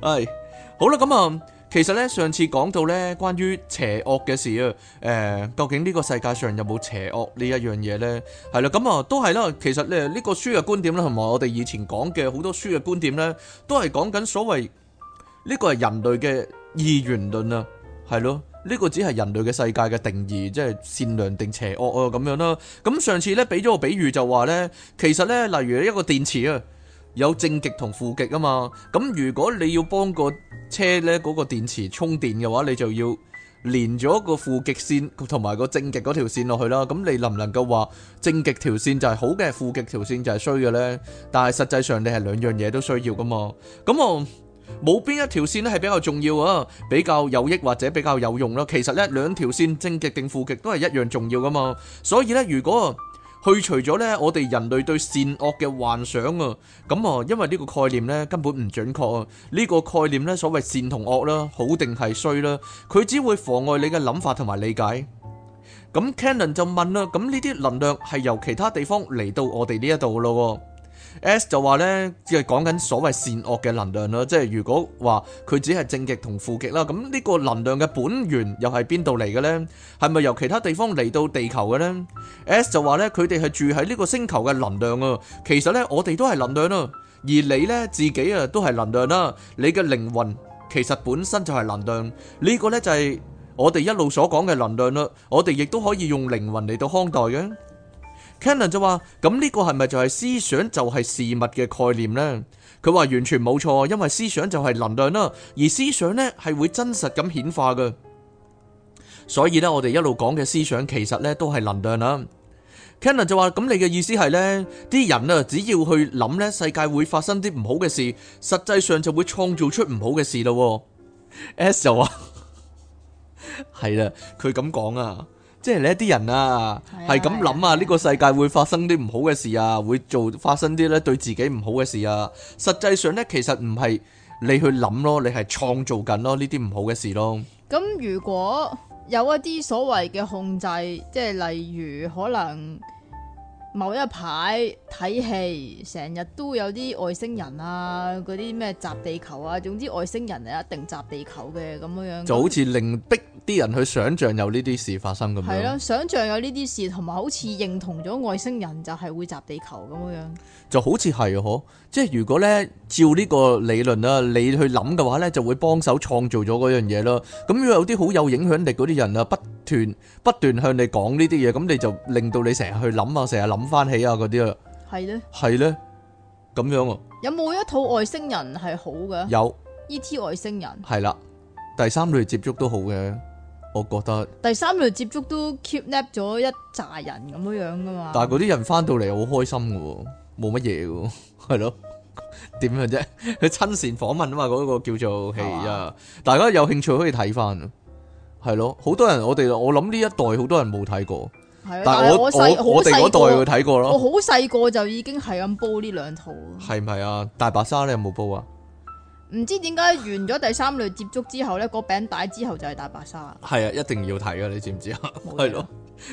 係好啦，咁、嗯、啊，其實咧上次講到咧關於邪惡嘅事啊，誒、呃，究竟呢個世界上有冇邪惡一呢一樣嘢咧？係啦，咁、嗯、啊都係啦，其實咧呢、這個書嘅觀點啦，同埋我哋以前講嘅好多書嘅觀點咧，都係講緊所謂呢、這個係人類嘅二元論啊，係咯，呢、這個只係人類嘅世界嘅定義，即係善良定邪惡啊咁樣啦。咁、嗯、上次咧俾咗個比喻就話咧，其實咧例如一個電池啊。有正極同負極啊嘛，咁如果你要幫個車呢嗰個電池充電嘅話，你就要連咗個負極線同埋個正極嗰條線落去啦。咁你能唔能夠話正極條線就係好嘅，負極條線就係衰嘅呢？但係實際上你係兩樣嘢都需要噶嘛。咁我冇邊一條線呢係比較重要啊，比較有益或者比較有用咯。其實呢兩條線正極定負極都係一樣重要噶嘛。所以呢如果去除咗呢，我哋人類對善惡嘅幻想啊，咁啊，因為呢個概念呢根本唔準確啊，呢個概念呢所謂善同惡啦，好定係衰啦，佢只會妨礙你嘅諗法同埋理解。咁 Canon 就問啦，咁呢啲能量係由其他地方嚟到我哋呢一度咯。S, s 就話呢，只係講緊所謂善惡嘅能量啦，即係如果話佢只係正極同負極啦，咁呢個能量嘅本源又係邊度嚟嘅呢？係咪由其他地方嚟到地球嘅呢？s 就話呢，佢哋係住喺呢個星球嘅能量啊，其實呢，我哋都係能量啦，而你呢，自己啊都係能量啦，你嘅靈魂其實本身就係能量，呢、這個呢，就係、是、我哋一路所講嘅能量啦，我哋亦都可以用靈魂嚟到看待嘅。Canon 就話：咁呢個係咪就係思想就係事物嘅概念呢？佢話完全冇錯，因為思想就係能量啦，而思想呢係會真實咁顯化嘅。所以呢，我哋一路講嘅思想其實呢都係能量啦。Canon 就話：咁你嘅意思係呢？啲人啊只要去諗呢世界會發生啲唔好嘅事，實際上就會創造出唔好嘅事咯。S 就話：係 [laughs] 啦，佢咁講啊。即係咧，啲人啊，係咁諗啊，呢、啊啊、個世界會發生啲唔好嘅事啊，會做發生啲咧對自己唔好嘅事啊。實際上呢，其實唔係你去諗咯，你係創造緊咯呢啲唔好嘅事咯。咁如果有一啲所謂嘅控制，即係例如可能。某一排睇戲，成日都有啲外星人啊，嗰啲咩襲地球啊，總之外星人啊，一定襲地球嘅，咁樣樣，就好似令逼啲人去想象有呢啲事發生咁樣。係咯，想象有呢啲事，同埋好似認同咗外星人就係會襲地球咁樣樣，就好似係嗬，即係如果咧照呢個理論啦，你去諗嘅話咧，就會幫手創造咗嗰樣嘢咯。咁如果有啲好有影響力嗰啲人啊，不斷不斷向你講呢啲嘢，咁你就令到你成日去諗啊，成日諗。諗翻起啊，嗰啲啊，係咧呢，係咧，咁樣啊。有冇一套外星人係好嘅？有 E.T. 外星人係啦，第三類接觸都好嘅，我覺得。第三類接觸都 kidnap 咗一紮人咁樣樣噶嘛。但係嗰啲人翻到嚟好開心噶，冇乜嘢噶，係 [laughs] 咯對了，點 [laughs] 樣啫呢？佢 [laughs] 親善訪問啊嘛，嗰、那個叫做戲啊，大家有興趣可以睇翻，係咯，好多人我哋我諗呢一代好多人冇睇過。對但係我但我哋嗰代去睇過咯，我好細個就已經係咁煲呢兩套。係咪啊？大白鯊你有冇煲啊？唔知點解完咗第三類接觸之後咧，個餅帶之後就係大白鯊。係啊，一定要睇啊，你知唔知啊？係咯。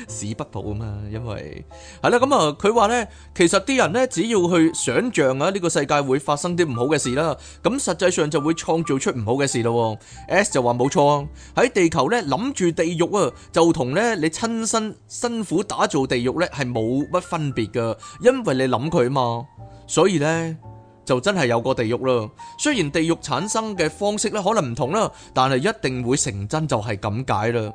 史不補啊嘛，因為係啦，咁啊佢話呢，其實啲人呢，只要去想象啊，呢個世界會發生啲唔好嘅事啦，咁實際上就會創造出唔好嘅事咯。S 就話冇錯，喺地球呢，諗住地獄啊，就同呢你親身辛苦打造地獄呢係冇乜分別噶，因為你諗佢嘛，所以呢，就真係有個地獄啦。雖然地獄產生嘅方式咧可能唔同啦，但係一定會成真就，就係咁解啦。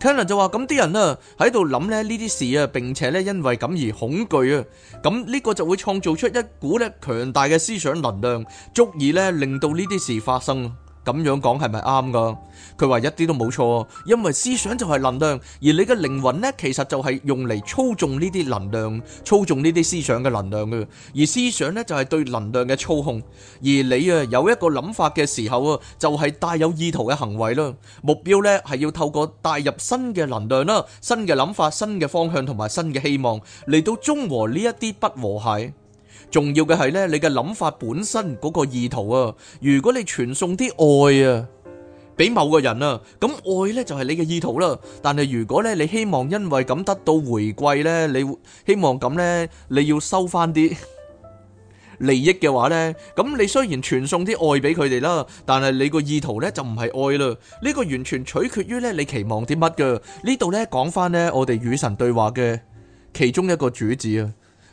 k a n o n 就話：咁啲人啊喺度諗呢啲事啊，並且因為咁而恐懼啊，咁呢個就會創造出一股咧強大嘅思想能量，足以令到呢啲事發生。咁樣講係咪啱㗎？佢話一啲都冇錯，因為思想就係能量，而你嘅靈魂呢，其實就係用嚟操縱呢啲能量，操縱呢啲思想嘅能量嘅。而思想呢，就係對能量嘅操控，而你啊有一個諗法嘅時候啊，就係帶有意圖嘅行為啦。目標呢，係要透過帶入新嘅能量啦、新嘅諗法、新嘅方向同埋新嘅希望，嚟到中和呢一啲不和諧。重要嘅係咧，你嘅諗法本身嗰個意圖啊。如果你傳送啲愛啊，俾某個人啊，咁愛咧就係你嘅意圖啦。但係如果咧，你希望因為咁得到回饋咧，你會希望咁咧，你要收翻啲利益嘅話咧，咁你雖然傳送啲愛俾佢哋啦，但係你個意圖咧就唔係愛啦。呢個完全取決於咧，你期望啲乜㗎？呢度咧，講翻咧我哋與神對話嘅其中一個主旨啊。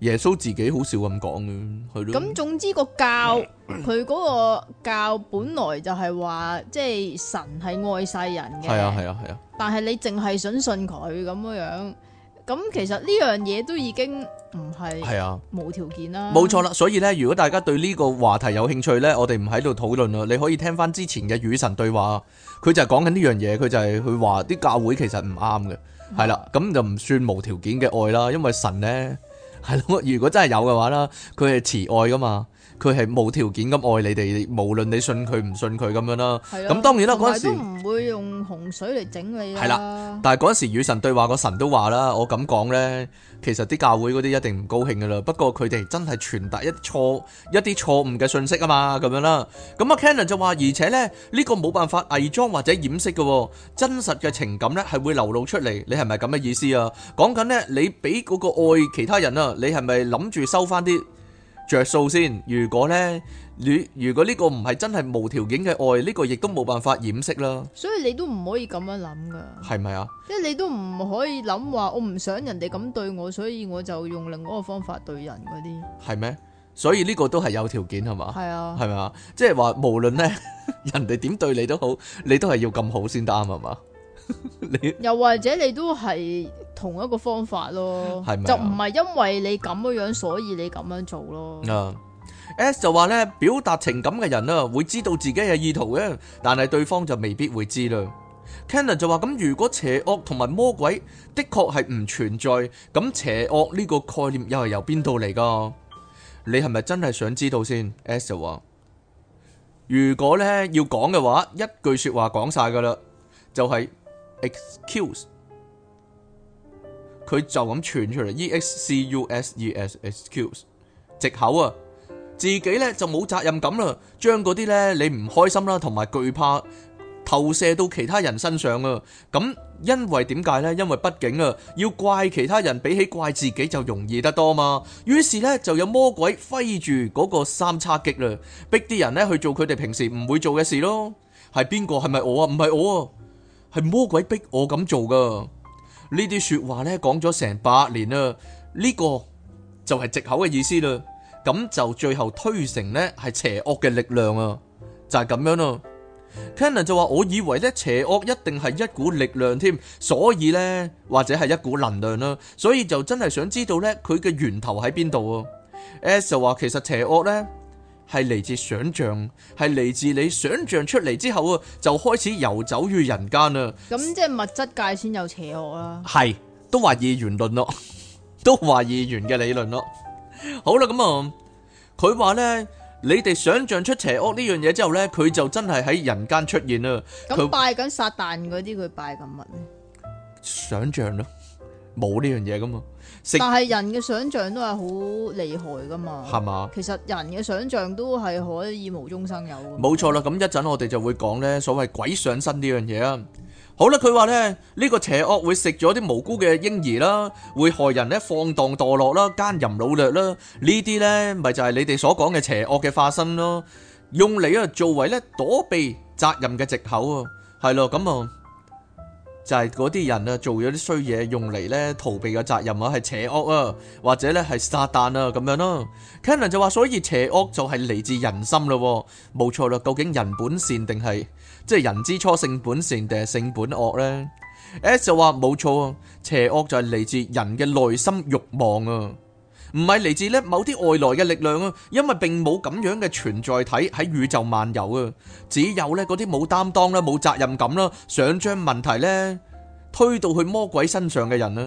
耶穌自己好少咁講嘅，係咁總之教個教佢嗰個教，本來就係話即係神係愛世人嘅。係啊，係啊，係啊。但係你淨係想信佢咁樣，咁其實呢樣嘢都已經唔係係啊無條件啦。冇錯啦，所以呢，如果大家對呢個話題有興趣呢，我哋唔喺度討論啦。你可以聽翻之前嘅與神對話，佢就係講緊呢樣嘢，佢就係佢話啲教會其實唔啱嘅。係啦、嗯，咁就唔算無條件嘅愛啦，因為神呢。係咯， [laughs] 如果真係有嘅話啦，佢係慈愛噶嘛。佢係無條件咁愛你哋，無論你信佢唔信佢咁樣啦。咁當然啦，嗰陣時唔會用洪水嚟整你。係啦，但係嗰陣時與神對話，個神都話啦，我咁講呢，其實啲教會嗰啲一定唔高興噶啦。不過佢哋真係傳達一錯一啲錯誤嘅信息啊嘛，咁樣啦。咁阿 Canon 就話，而且呢，呢個冇辦法偽裝或者掩飾嘅，真實嘅情感呢係會流露出嚟。你係咪咁嘅意思啊？講緊呢，你俾嗰個愛其他人啊，你係咪諗住收翻啲？着數先，如果咧，你如果呢個唔係真係無條件嘅愛，呢個亦都冇辦法掩飾啦。所以你都唔可以咁樣諗噶，係咪啊？即係你都唔可以諗話，我唔想人哋咁對我，所以我就用另外一個方法對人嗰啲，係咩？所以呢個都係有條件係嘛？係啊，係咪啊？即係話無論咧，人哋點對你都好，你都係要咁好先得啱係嘛？你又或者你都係。同一個方法咯，是是啊、就唔係因為你咁樣，所以你咁樣做咯。s,、yeah. S 就話呢表達情感嘅人啦、啊，會知道自己嘅意圖嘅，但係對方就未必會知啦。Cannon 就話咁，如果邪惡同埋魔鬼的確係唔存在，咁邪惡呢個概念又係由邊度嚟噶？你係咪真係想知道先？S 就話，如果呢要講嘅話，一句話說話講晒噶啦，就係、是、excuse。佢就咁傳出嚟 [music] ，excuse excuse 藉口啊！自己呢就冇責任感啦，將嗰啲呢你唔開心啦，同埋懼怕投射到其他人身上啊！咁因為點解呢？因為畢竟啊，要怪其他人比起怪自己就容易得多嘛。於是呢，就有魔鬼揮住嗰個三叉戟啦，逼啲人呢去做佢哋平時唔會做嘅事咯。係邊個？係咪我，我啊？唔係我啊，係魔鬼逼我咁做噶。說呢啲説話呢講咗成百年啦，呢、這個就係藉口嘅意思啦。咁就最後推成呢係邪惡嘅力量啊，就係、是、咁樣咯。Kenon 就話：我以為呢邪惡一定係一股力量添，所以呢，或者係一股能量啦，所以就真係想知道呢佢嘅源頭喺邊度啊。s 就話其實邪惡呢。」係嚟自想象係嚟自你想象出嚟之後啊，就開始遊走於人間啦。咁即係物質界先有邪惡啊？係，都話二元論咯，都話二元嘅理論咯。好啦，咁啊，佢話咧，你哋想象出邪惡呢樣嘢之後咧，佢就真係喺人間出現啦。咁拜緊撒旦嗰啲，佢拜緊乜咧？想象咯，冇呢樣嘢噶嘛。但係人嘅想象都係好厲害噶嘛，係嘛？其實人嘅想象都係可以無中生有。冇錯啦，咁一陣我哋就會講咧所謂鬼上身呢樣嘢啊。好啦，佢話咧呢個邪惡會食咗啲無辜嘅嬰兒啦，會害人咧放蕩墮落啦、奸淫擄掠啦，呢啲咧咪就係你哋所講嘅邪惡嘅化身咯，用嚟啊作為咧躲避責任嘅藉口啊，係咯，咁啊。就係嗰啲人啊，做咗啲衰嘢，用嚟咧逃避嘅責任啊，係邪惡啊，或者咧係撒旦啊咁樣咯啊。Kenon 就話，所以邪惡就係嚟自人心咯啊，冇錯啦。究竟人本善定係即係人之初性本善定係性本惡咧？S 就話冇錯啊，邪惡就係嚟自人嘅內心慾望啊。唔係嚟自咧某啲外來嘅力量啊，因為並冇咁樣嘅存在體喺宇宙漫遊啊，只有咧嗰啲冇擔當啦、冇責任感啦，想將問題咧推到去魔鬼身上嘅人啊。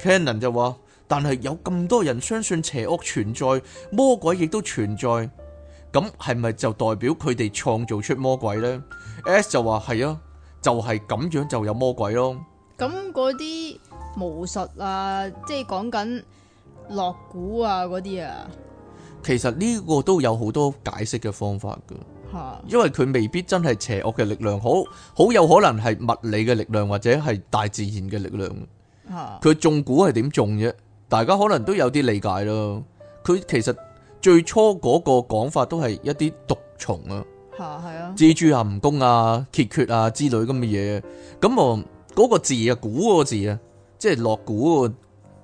Cannon 就話：但係有咁多人相信邪惡存在，魔鬼亦都存在，咁係咪就代表佢哋創造出魔鬼呢？S 就話：係啊，就係咁樣就有魔鬼咯。咁嗰啲巫術啊，即係講緊。落蠱啊，嗰啲啊，其實呢個都有好多解釋嘅方法噶，吓、啊，因為佢未必真係邪惡嘅力量，好好有可能係物理嘅力量或者係大自然嘅力量。吓、啊，佢中蠱係點中啫？大家可能都有啲理解咯。佢其實最初嗰個講法都係一啲毒蟲啊，吓係啊，蜘蛛啊、蜈蚣啊、蠍穴啊，啊之類咁嘅嘢。咁我嗰個字啊，蠱嗰個字啊，即係落蠱。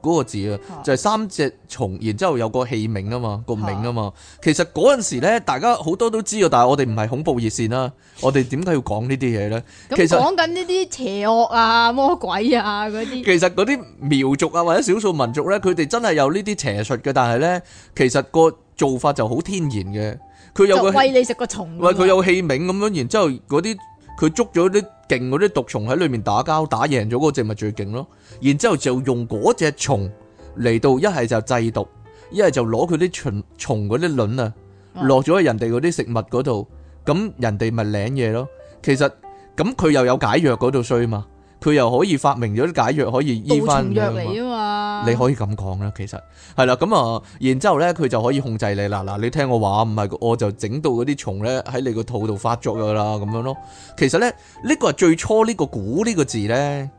嗰個字啊，就係三隻蟲，然之後有個器皿啊嘛，個皿啊嘛。其實嗰陣時咧，大家好多都知道，但係我哋唔係恐怖熱線啦。我哋點解要講呢啲嘢咧？其實講緊呢啲邪惡啊、魔鬼啊嗰啲。其實嗰啲苗族啊或者少數民族咧，佢哋真係有呢啲邪術嘅，但係咧，其實個做法就好天然嘅。佢有個餵你食個蟲。喂，佢有器皿咁樣，然之後嗰啲。佢捉咗啲勁嗰啲毒蟲喺裏面打交，打贏咗嗰隻咪最勁咯。然之後就用嗰隻蟲嚟到一係就製毒，一係就攞佢啲蟲蟲嗰啲卵啊，落咗去人哋嗰啲食物嗰度，咁人哋咪領嘢咯。其實咁佢又有解藥，嗰度衰嘛，佢又可以發明咗啲解藥可以醫翻。蟲藥嚟啊嘛。你可以咁講啦，其實係啦，咁、嗯、啊，然之後咧，佢就可以控制你啦。嗱，你聽我話，唔係我就整到嗰啲蟲咧喺你個肚度發作噶啦，咁樣咯。其實咧，呢、呢個係最初呢個古呢個字咧，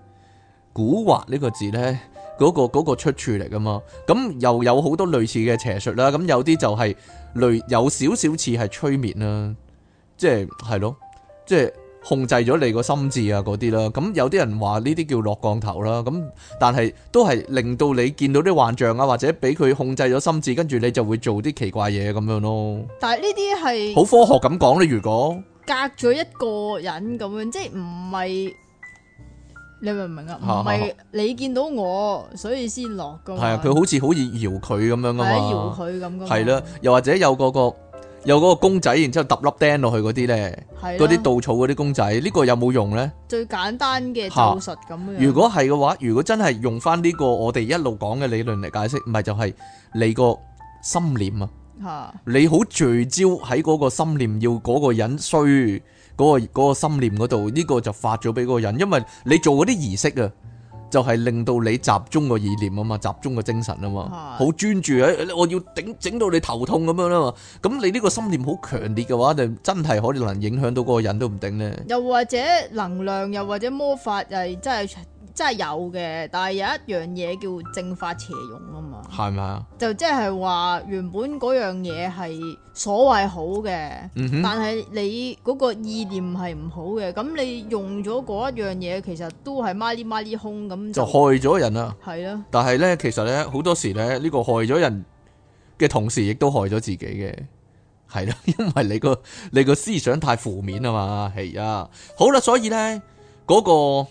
古惑呢個字咧，嗰、嗰個、嗰個、出處嚟噶嘛。咁又有好多類似嘅邪術啦。咁有啲就係類有少少似係催眠啦，即係係咯，即係。控制咗你個心智啊嗰啲啦，咁有啲人話呢啲叫落降頭啦，咁但係都係令到你見到啲幻象啊，或者俾佢控制咗心智，跟住你就會做啲奇怪嘢，咁樣咯。但係呢啲係好科學咁講咧，如果隔咗一個人咁樣，即係唔係你明唔明啊？唔係你見到我所以先落降？係啊，佢好似好似搖佢咁樣噶嘛，搖佢咁噶。係啦，又或者有嗰個。有嗰個公仔，然之後揼粒釘落去嗰啲呢，嗰啲稻草嗰啲公仔，呢個有冇用呢？最簡單嘅造實咁樣，如果係嘅話，如果真係用翻呢個我哋一路講嘅理論嚟解釋，唔係就係你個心念啊，吓，你好聚焦喺嗰個心念要嗰個人衰，嗰個嗰個心念嗰度，呢個就發咗俾嗰個人，因為你做嗰啲儀式啊。就係令到你集中個意念啊嘛，集中個精神啊嘛，好的專注啊！我要頂整到你頭痛咁樣啦嘛，咁你呢個心念好強烈嘅話，就真係可能影響到嗰個人都唔定呢。又或者能量，又或者魔法，就真係。真係有嘅，但係有一樣嘢叫正法邪用啊嘛，係咪啊？就即係話原本嗰樣嘢係所謂好嘅，嗯哼？但係你嗰個意念係唔好嘅，咁你用咗嗰一樣嘢，其實都係媽哩媽哩空咁，就，就害咗人啦。係啦，但係咧，其實咧，好多時咧，呢個害咗人嘅同時，亦都害咗自己嘅，係啦，因為你個你個思想太負面啊嘛，係啊，好啦，所以咧嗰個。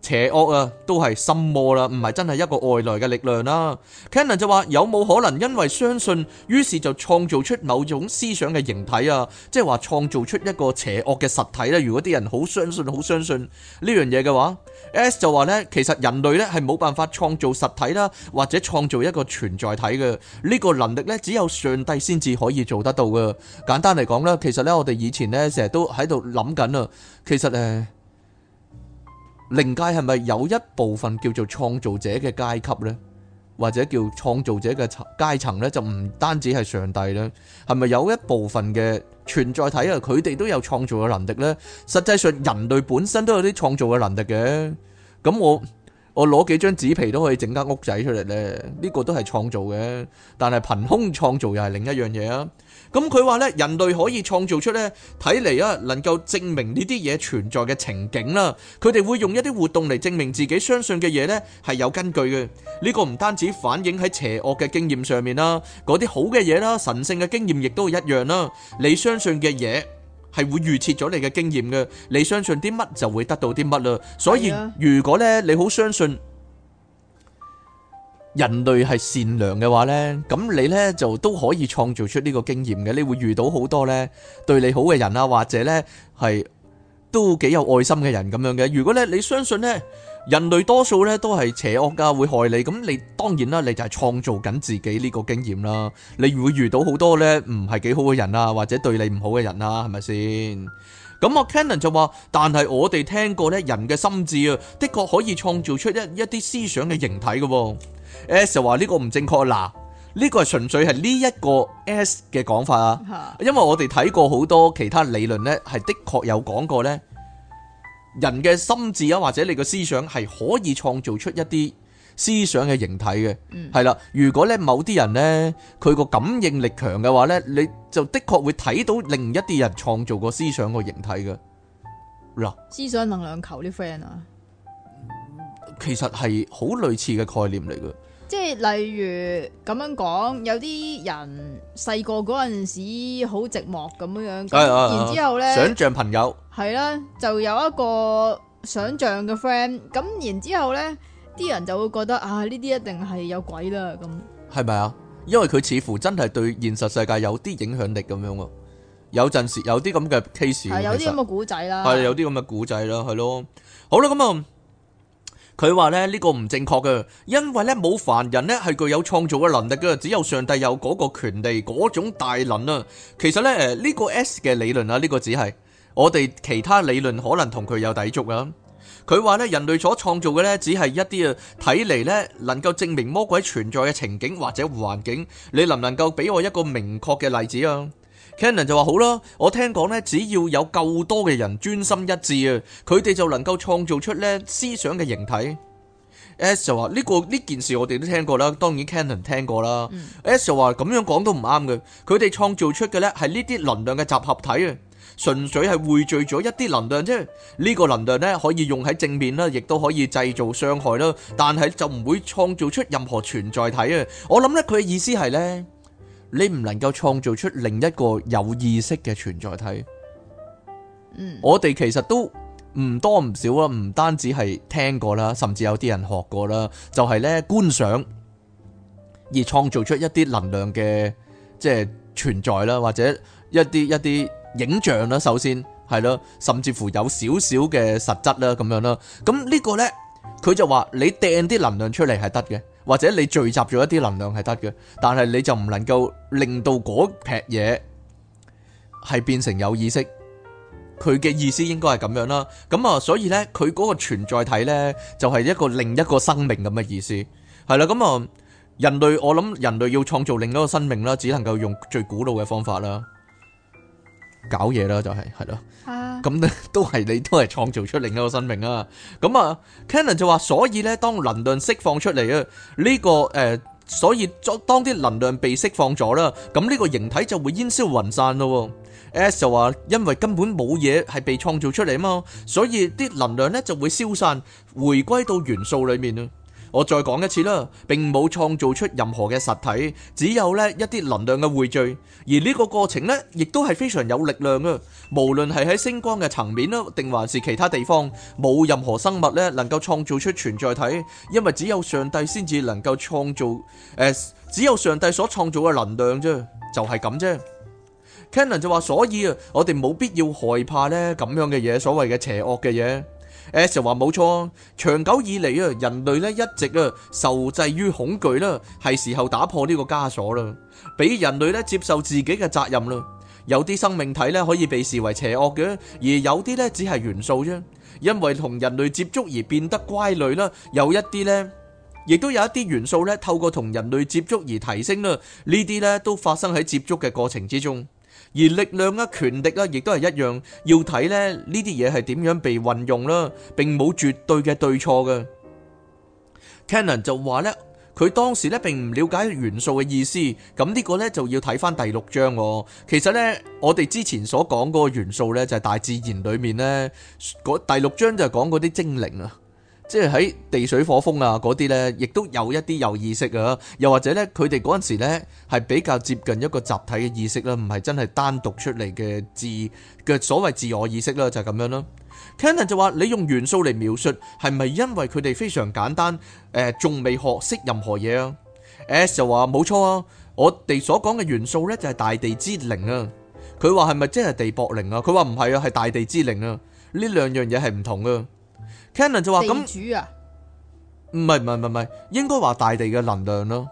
邪惡啊，都係心魔啦，唔係真係一個外來嘅力量啦，啊。Cannon 就話有冇可能因為相信，於是就創造出某種思想嘅形體啊，即係話創造出一個邪惡嘅實體咧。如果啲人好相信，好相信呢樣嘢嘅話，S 就話呢，其實人類呢係冇辦法創造實體啦，或者創造一個存在體嘅呢，呢個能力呢，只有上帝先至可以做得到嘅。簡單嚟講啦，其實呢，我哋以前呢，成日都喺度諗緊啊，其實誒。呃靈界係咪有一部分叫做創造者嘅階級呢？或者叫創造者嘅階層呢，就唔單止係上帝呢？係咪有一部分嘅存在體啊？佢哋都有創造嘅能力呢？實際上人類本身都有啲創造嘅能力嘅。咁我我攞幾張紙皮都可以整間屋仔出嚟呢，呢個都係創造嘅。但係憑空創造又係另一樣嘢啊！咁佢話咧，人類可以創造出咧，睇嚟啊，能夠證明呢啲嘢存在嘅情景啦。佢哋會用一啲活動嚟證明自己相信嘅嘢咧係有根據嘅。呢個唔單止反映喺邪惡嘅經驗上面啦，嗰啲好嘅嘢啦，神聖嘅經驗亦都係一樣啦。你相信嘅嘢係會預設咗你嘅經驗嘅，你相信啲乜就會得到啲乜啦。所以如果咧，你好相信。人類係善良嘅話咧，咁你咧就都可以創造出呢個經驗嘅。你會遇到好多咧對你好嘅人啊，或者咧係都幾有愛心嘅人咁樣嘅。如果咧你相信咧人類多數咧都係邪惡噶，會害你咁，你當然啦，你就係創造緊自己呢個經驗啦。你會遇到好多咧唔係幾好嘅人啊，或者對你唔好嘅人啊，係咪先？咁阿 Cannon 就話，但係我哋聽過咧，人嘅心智啊，的確可以創造出一一啲思想嘅形體嘅喎。S, S 就話呢個唔正確，嗱呢個係純粹係呢一個 S 嘅講法啊，因為我哋睇過好多其他理論呢，係的確有講過呢：人嘅心智啊，或者你嘅思想係可以創造出一啲思想嘅形體嘅，係啦，嗯，如果呢某啲人呢，佢個感應力強嘅話呢，你就的確會睇到另一啲人創造個思想個形體嘅，嗱，思想能量球啲 friend 啊，其實係好類似嘅概念嚟嘅。即係例如咁樣講，有啲人細個嗰陣時好寂寞咁樣樣，然之後咧、啊啊啊，想象朋友係啦，就有一個想象嘅 friend，咁然之後咧，啲人就會覺得啊呢啲一定係有鬼啦咁。係咪啊？因為佢似乎真係對現實世界有啲影響力咁樣喎。有陣時有啲咁嘅 case，有啲咁嘅古仔啦，係實有啲咁嘅古仔啦，係咯。好啦，咁啊。佢話咧，呢個唔正確㗎，因為咧冇凡人咧係具有創造嘅能力㗎，只有上帝有嗰個權利嗰種大能啊。其實咧，誒呢個 S 嘅理論啊，呢個只係我哋其他理論可能同佢有抵觸啊。佢話咧，人類所創造嘅咧只係一啲啊睇嚟，咧能夠證明魔鬼存在嘅情景或者環境，你能唔能夠俾我一個明確嘅例子啊？c a n o n 就話好啦，我聽講咧，只要有夠多嘅人專心一致啊，佢哋就能夠創造出咧思想嘅形體。S 就話呢、這個呢件、這個、事我哋都聽過啦，當然 c a n o n 聽過啦。S 就話咁樣講都唔啱嘅，佢哋創造出嘅咧係呢啲能量嘅集合體啊，純粹係匯聚咗一啲能量，啫。呢個能量咧可以用喺正面啦，亦都可以製造傷害啦，但係就唔會創造出任何存在體啊。我諗咧佢嘅意思係咧。你唔能夠創造出另一個有意識嘅存在體，嗯，我哋其實都唔多唔少啦，唔單止係聽過啦，甚至有啲人學過啦，就係、是、呢觀想而創造出一啲能量嘅即存在啦，或者一啲一啲影像啦，首先係咯，甚至乎有少少嘅實質啦，咁樣啦，咁呢個呢，佢就話你掟啲能量出嚟係得嘅。或者你聚集咗一啲能量係得嘅，但係你就唔能夠令到嗰劈嘢係變成有意識。佢嘅意思應該係咁樣啦。咁啊，所以呢，佢嗰個存在體呢就係一個另一個生命咁嘅意思。係啦，咁啊，人類我諗人類要創造另一個生命啦，只能夠用最古老嘅方法啦。搞嘢啦，就係、是，係咯，咁咧、啊、 [laughs] 都係你都係創造出另一個生命啊！咁、嗯、啊，Cannon 就話，所以咧，當能量釋放出嚟啊，呢、這個誒、呃，所以當當啲能量被釋放咗啦，咁呢個形體就會煙消雲散咯。S 就話，因為根本冇嘢係被創造出嚟啊嘛，所以啲能量咧就會消散，回歸到元素裡面啊。我再講一次啦，並冇創造出任何嘅實體，只有咧一啲能量嘅匯聚，而呢個過程咧，亦都係非常有力量啊。無論係喺星光嘅層面咯，定還是其他地方，冇任何生物咧能夠創造出存在體，因為只有上帝先至能夠創造，誒、呃，只有上帝所創造嘅能量啫，就係咁啫。Cannon 就話，所以啊，我哋冇必要害怕呢咁樣嘅嘢，所謂嘅邪惡嘅嘢。S 就話冇錯，長久以嚟啊，人類咧一直啊受制於恐懼啦，係時候打破呢個枷鎖啦，俾人類咧接受自己嘅責任啦。有啲生命體咧可以被視為邪惡嘅，而有啲咧只係元素啫，因為同人類接觸而變得乖戾啦。有一啲呢，亦都有一啲元素咧透過同人類接觸而提升啦。呢啲咧都發生喺接觸嘅過程之中。而力量啊、權力啊，亦都係一樣，要睇呢呢啲嘢係點樣被運用啦。並冇絕對嘅對錯嘅 Can。Cannon 就話呢佢當時呢並唔了解元素嘅意思，咁呢個呢，就要睇翻第六章喎、哦。其實呢，我哋之前所講嗰個元素呢，就係、是、大自然裡面呢。第六章就講嗰啲精靈啊。即係喺地水火風啊嗰啲呢，亦都有一啲有意識啊。又或者呢，佢哋嗰陣時呢係比較接近一個集體嘅意識啦，唔係真係單獨出嚟嘅自嘅所謂自我意識啦，就係咁樣啦。Cannon 就話：你用元素嚟描述係咪因為佢哋非常簡單？誒、呃，仲未學識任何嘢啊？S 就話：冇錯啊，我哋所講嘅元素呢，就係大地之靈啊。佢話係咪真係地薄靈啊？佢話唔係啊，係大地之靈啊。呢兩樣嘢係唔同啊。Canon 就話，咁，地主啊，唔係，唔係，唔係，應該話大地嘅能量咯，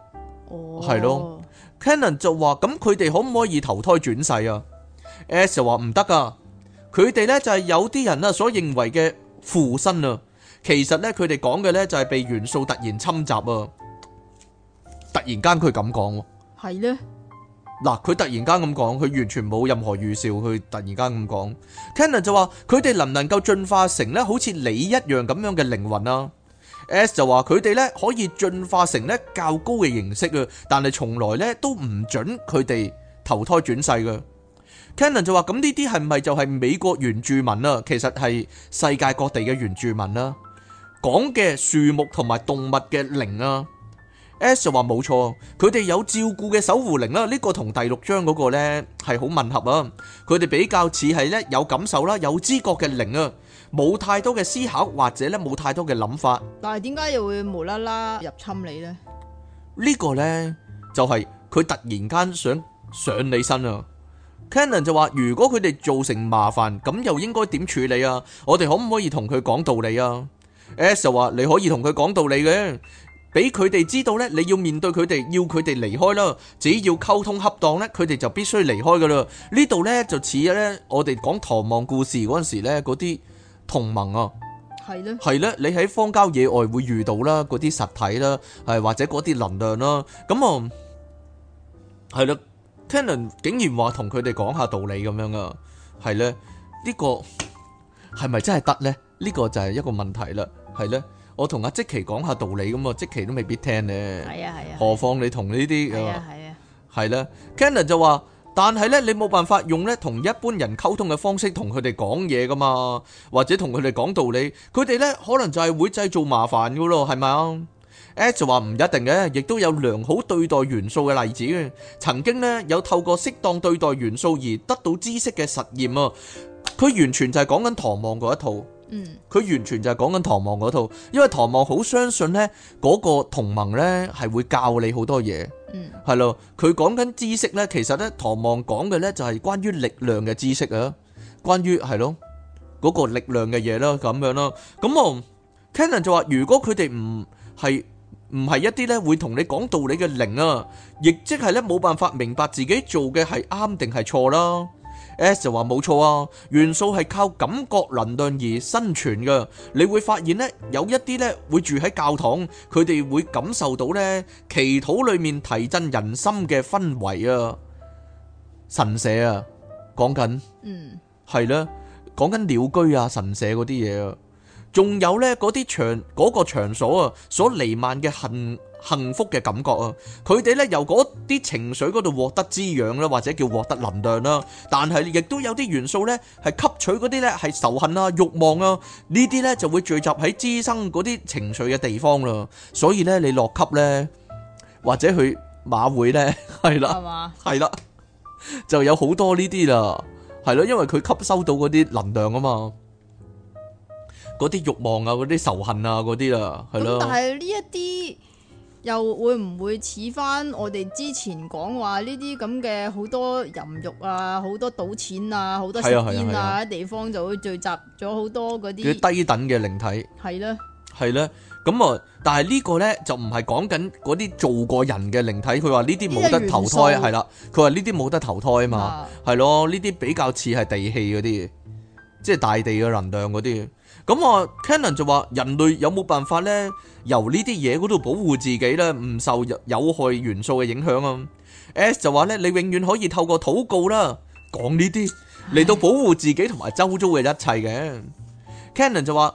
係咯，oh。Canon 就話，咁，佢哋可唔可以投胎轉世啊？S 就話唔得噶佢哋咧就係有啲人啊所認為嘅附身啊，其實咧佢哋講嘅咧就係被元素突然侵襲啊，突然間佢咁講。係咧。嗱，佢突然間咁講，佢完全冇任何預兆。佢突然間咁講，Cannon 就話佢哋能唔能夠進化成咧好似你一樣咁樣嘅靈魂啊？」S 就話佢哋咧可以進化成咧較高嘅形式啊，但係從來咧都唔準佢哋投胎轉世嘅。Cannon 就話：咁呢啲係咪就係美國原住民啊？其實係世界各地嘅原住民啊，講嘅樹木同埋動物嘅靈啊。S 就話冇錯，佢哋有照顧嘅守護靈啦，呢、呢個同第六章嗰個呢係好吻合啊。佢哋比較似係呢，有感受啦、有知覺嘅靈啊，冇太多嘅思考或者呢，冇太多嘅諗法。但係點解又會無啦啦入侵你呢？呢個呢就係、係、佢突然間想上你身啊。Cannon 就話：如果佢哋造成麻煩，咁又應該點處理啊？我哋可唔可以同佢講道理啊？S 就話：你可以同佢講道理嘅。俾佢哋知道咧，你要面對佢哋，要佢哋離開咯。只要溝通恰當咧，佢哋就必須離開噶啦。呢度咧就似咧，我哋講《逃亡故事》嗰陣時咧，嗰啲同盟啊，係咧，係咧。你喺荒郊野外會遇到啦，嗰啲實體啦，係或者嗰啲能量啦。咁啊，係啦，Tanner 竟然話同佢哋講下道理咁樣噶，係咧，呢個係咪真係得咧？呢個就係一個問題啦，係咧。我同阿即奇講下道理咁啊，即奇都未必聽咧。係啊係啊，何況你同呢啲啊。係啊係啊，係啦。Cannon 就話，但係咧，你冇辦法用咧同一般人溝通嘅方式同佢哋講嘢噶嘛，或者同佢哋講道理，佢哋咧可能就係會製造麻煩噶咯，係咪啊？Ed 就話唔一定嘅，亦都有良好對待元素嘅例子嘅。曾經咧有透過適當對待元素而得到知識嘅實驗啊，佢完全就係講緊唐望嗰一套。嗯，佢完全就係講緊唐望嗰套，因為唐望好相信咧，嗰個同盟咧係會教你好多嘢，嗯，係咯，佢講緊知識咧，其實咧唐望講嘅咧就係關於力量嘅知識啊，關於係咯嗰個力量嘅嘢啦，咁樣咯，咁啊，Cannon 就話如果佢哋唔係唔係一啲咧會同你講道理嘅靈啊，亦即係咧冇辦法明白自己做嘅係啱定係錯啦。S 就話冇錯啊，元素係靠感覺能量而生存嘅。你會發現呢，有一啲呢會住喺教堂，佢哋會感受到呢祈禱裏面提振人心嘅氛圍啊。神社啊，講緊，嗯，係啦，講緊鳥居啊，神社嗰啲嘢啊，仲有呢嗰啲場嗰個場所啊，所彌漫嘅恨、幸福嘅感覺啊，佢哋咧由嗰啲情緒嗰度獲得滋養啦，或者叫獲得能量啦。但係亦都有啲元素咧，係吸取嗰啲咧係仇恨啊、慾望啊呢啲咧，就會聚集喺滋生嗰啲情緒嘅地方啦。所以咧，你落吸咧，或者去馬會咧，係啦，係嘛，係啦，就有好多呢啲啦，係咯，因為佢吸收到嗰啲能量啊嘛，嗰啲慾望啊、嗰啲仇恨啊、嗰啲啊，係咯。但係呢一啲。又會唔會似翻我哋之前講話呢啲咁嘅好多淫欲啊，好多賭錢啊，好多食煙啊，啊，啊，啊，啊地方就會聚集咗好多嗰啲低等嘅靈體。係咯，係咯，咁啊，啊但係呢個呢，就唔係講緊嗰啲做過人嘅靈體，佢話呢啲冇得投胎係啦，佢話呢啲冇得投胎啊嘛，係咯，啊，呢啲，啊、比較似係地氣嗰啲即係大地嘅能量嗰啲。咁啊，Canon 就話人類有冇辦法咧，由呢啲嘢嗰度保護自己咧，唔受有害元素嘅影響啊？S 就話咧，你永遠可以透過禱告啦，講呢啲嚟到保護自己同埋周遭嘅一切嘅。Canon 就話。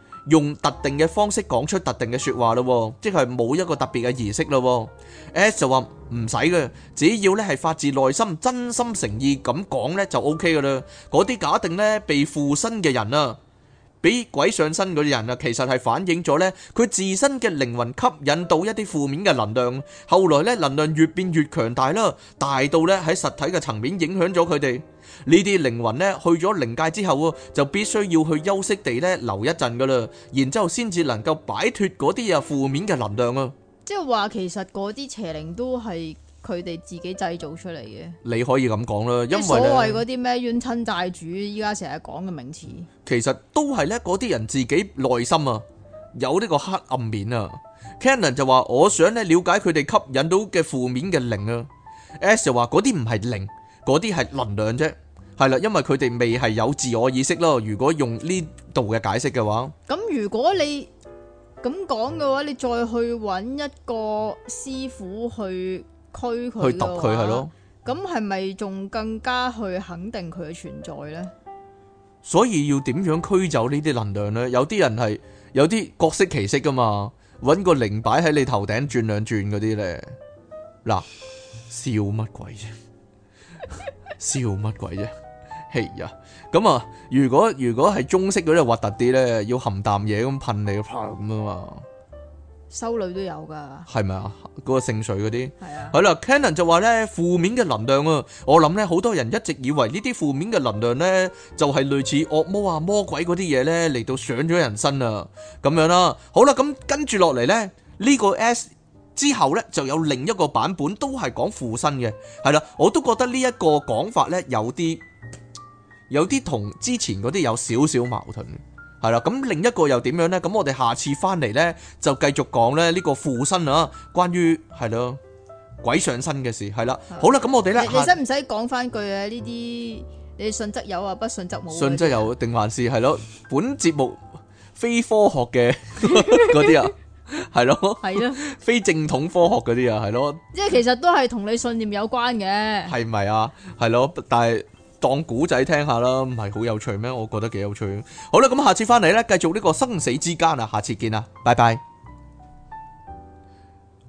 用特定嘅方式講出特定嘅説話咯，即係冇一個特別嘅儀式咯。S 就話唔使嘅，只要咧係發自內心、真心誠意咁講咧就 OK 噶啦。嗰啲假定咧被附身嘅人啊，俾鬼上身啲人啊，其實係反映咗呢，佢自身嘅靈魂吸引到一啲負面嘅能量，後來呢，能量越變越強大啦，大到呢，喺實體嘅層面影響咗佢哋。呢啲靈魂呢，去咗靈界之後啊，就必須要去休息地呢，留一陣噶啦，然之後先至能夠擺脫嗰啲啊負面嘅能量啊。即係話，其實嗰啲邪靈都係。佢哋自己製造出嚟嘅，你可以咁講啦，因為所謂嗰啲咩冤親債主，依家成日講嘅名詞，其實都係咧嗰啲人自己內心啊有呢個黑暗面啊。Cannon 就話：我想咧了解佢哋吸引到嘅負面嘅靈啊。S 就話嗰啲唔係靈，嗰啲係能量啫。係啦，因為佢哋未係有自我意識咯。如果用呢度嘅解釋嘅話，咁如果你咁講嘅話，你再去揾一個師傅去。驅佢去揼佢係咯，咁係咪仲更加去肯定佢嘅存在咧？所以要點樣驅走呢啲能量咧？有啲人係有啲各色其色噶嘛，揾個靈擺喺你頭頂轉兩轉嗰啲咧。嗱，笑乜鬼啫？笑乜鬼啫？嘿呀！咁啊，如果如果係中式嗰啲核突啲咧，要含啖嘢咁噴你，啪咁啊嘛！修女都有噶，係咪、那個、啊？嗰個聖水嗰啲，係啊，係啦。Canon 就話呢，負面嘅能量啊，我諗呢，好多人一直以為呢啲負面嘅能量呢，就係、是、類似惡魔啊、魔鬼嗰啲嘢呢，嚟到上咗人身啊，咁樣啦。好啦，咁跟住落嚟呢，呢、這個 S 之後呢，就有另一個版本都係講附身嘅，係啦，我都覺得呢一個講法呢，有啲有啲同之前嗰啲有少少矛盾。係啦，咁另一個又點樣咧？咁我哋下次翻嚟咧，就繼續講咧呢個附身啊，關於係咯鬼上身嘅事。係啦，好啦，咁我哋咧，你使唔使講翻句啊？呢啲你信則有啊，不信則冇。信則有定還是係咯？本節目非科學嘅嗰啲啊，係咯，係咯，非正統科學嗰啲啊，係咯。即係其實都係同你信念有關嘅，係咪啊？係咯，但係。當古仔聽下啦，唔係好有趣咩？我覺得幾有趣。好啦，咁下次翻嚟咧，繼續呢個生死之間啊，下次見啦，拜拜。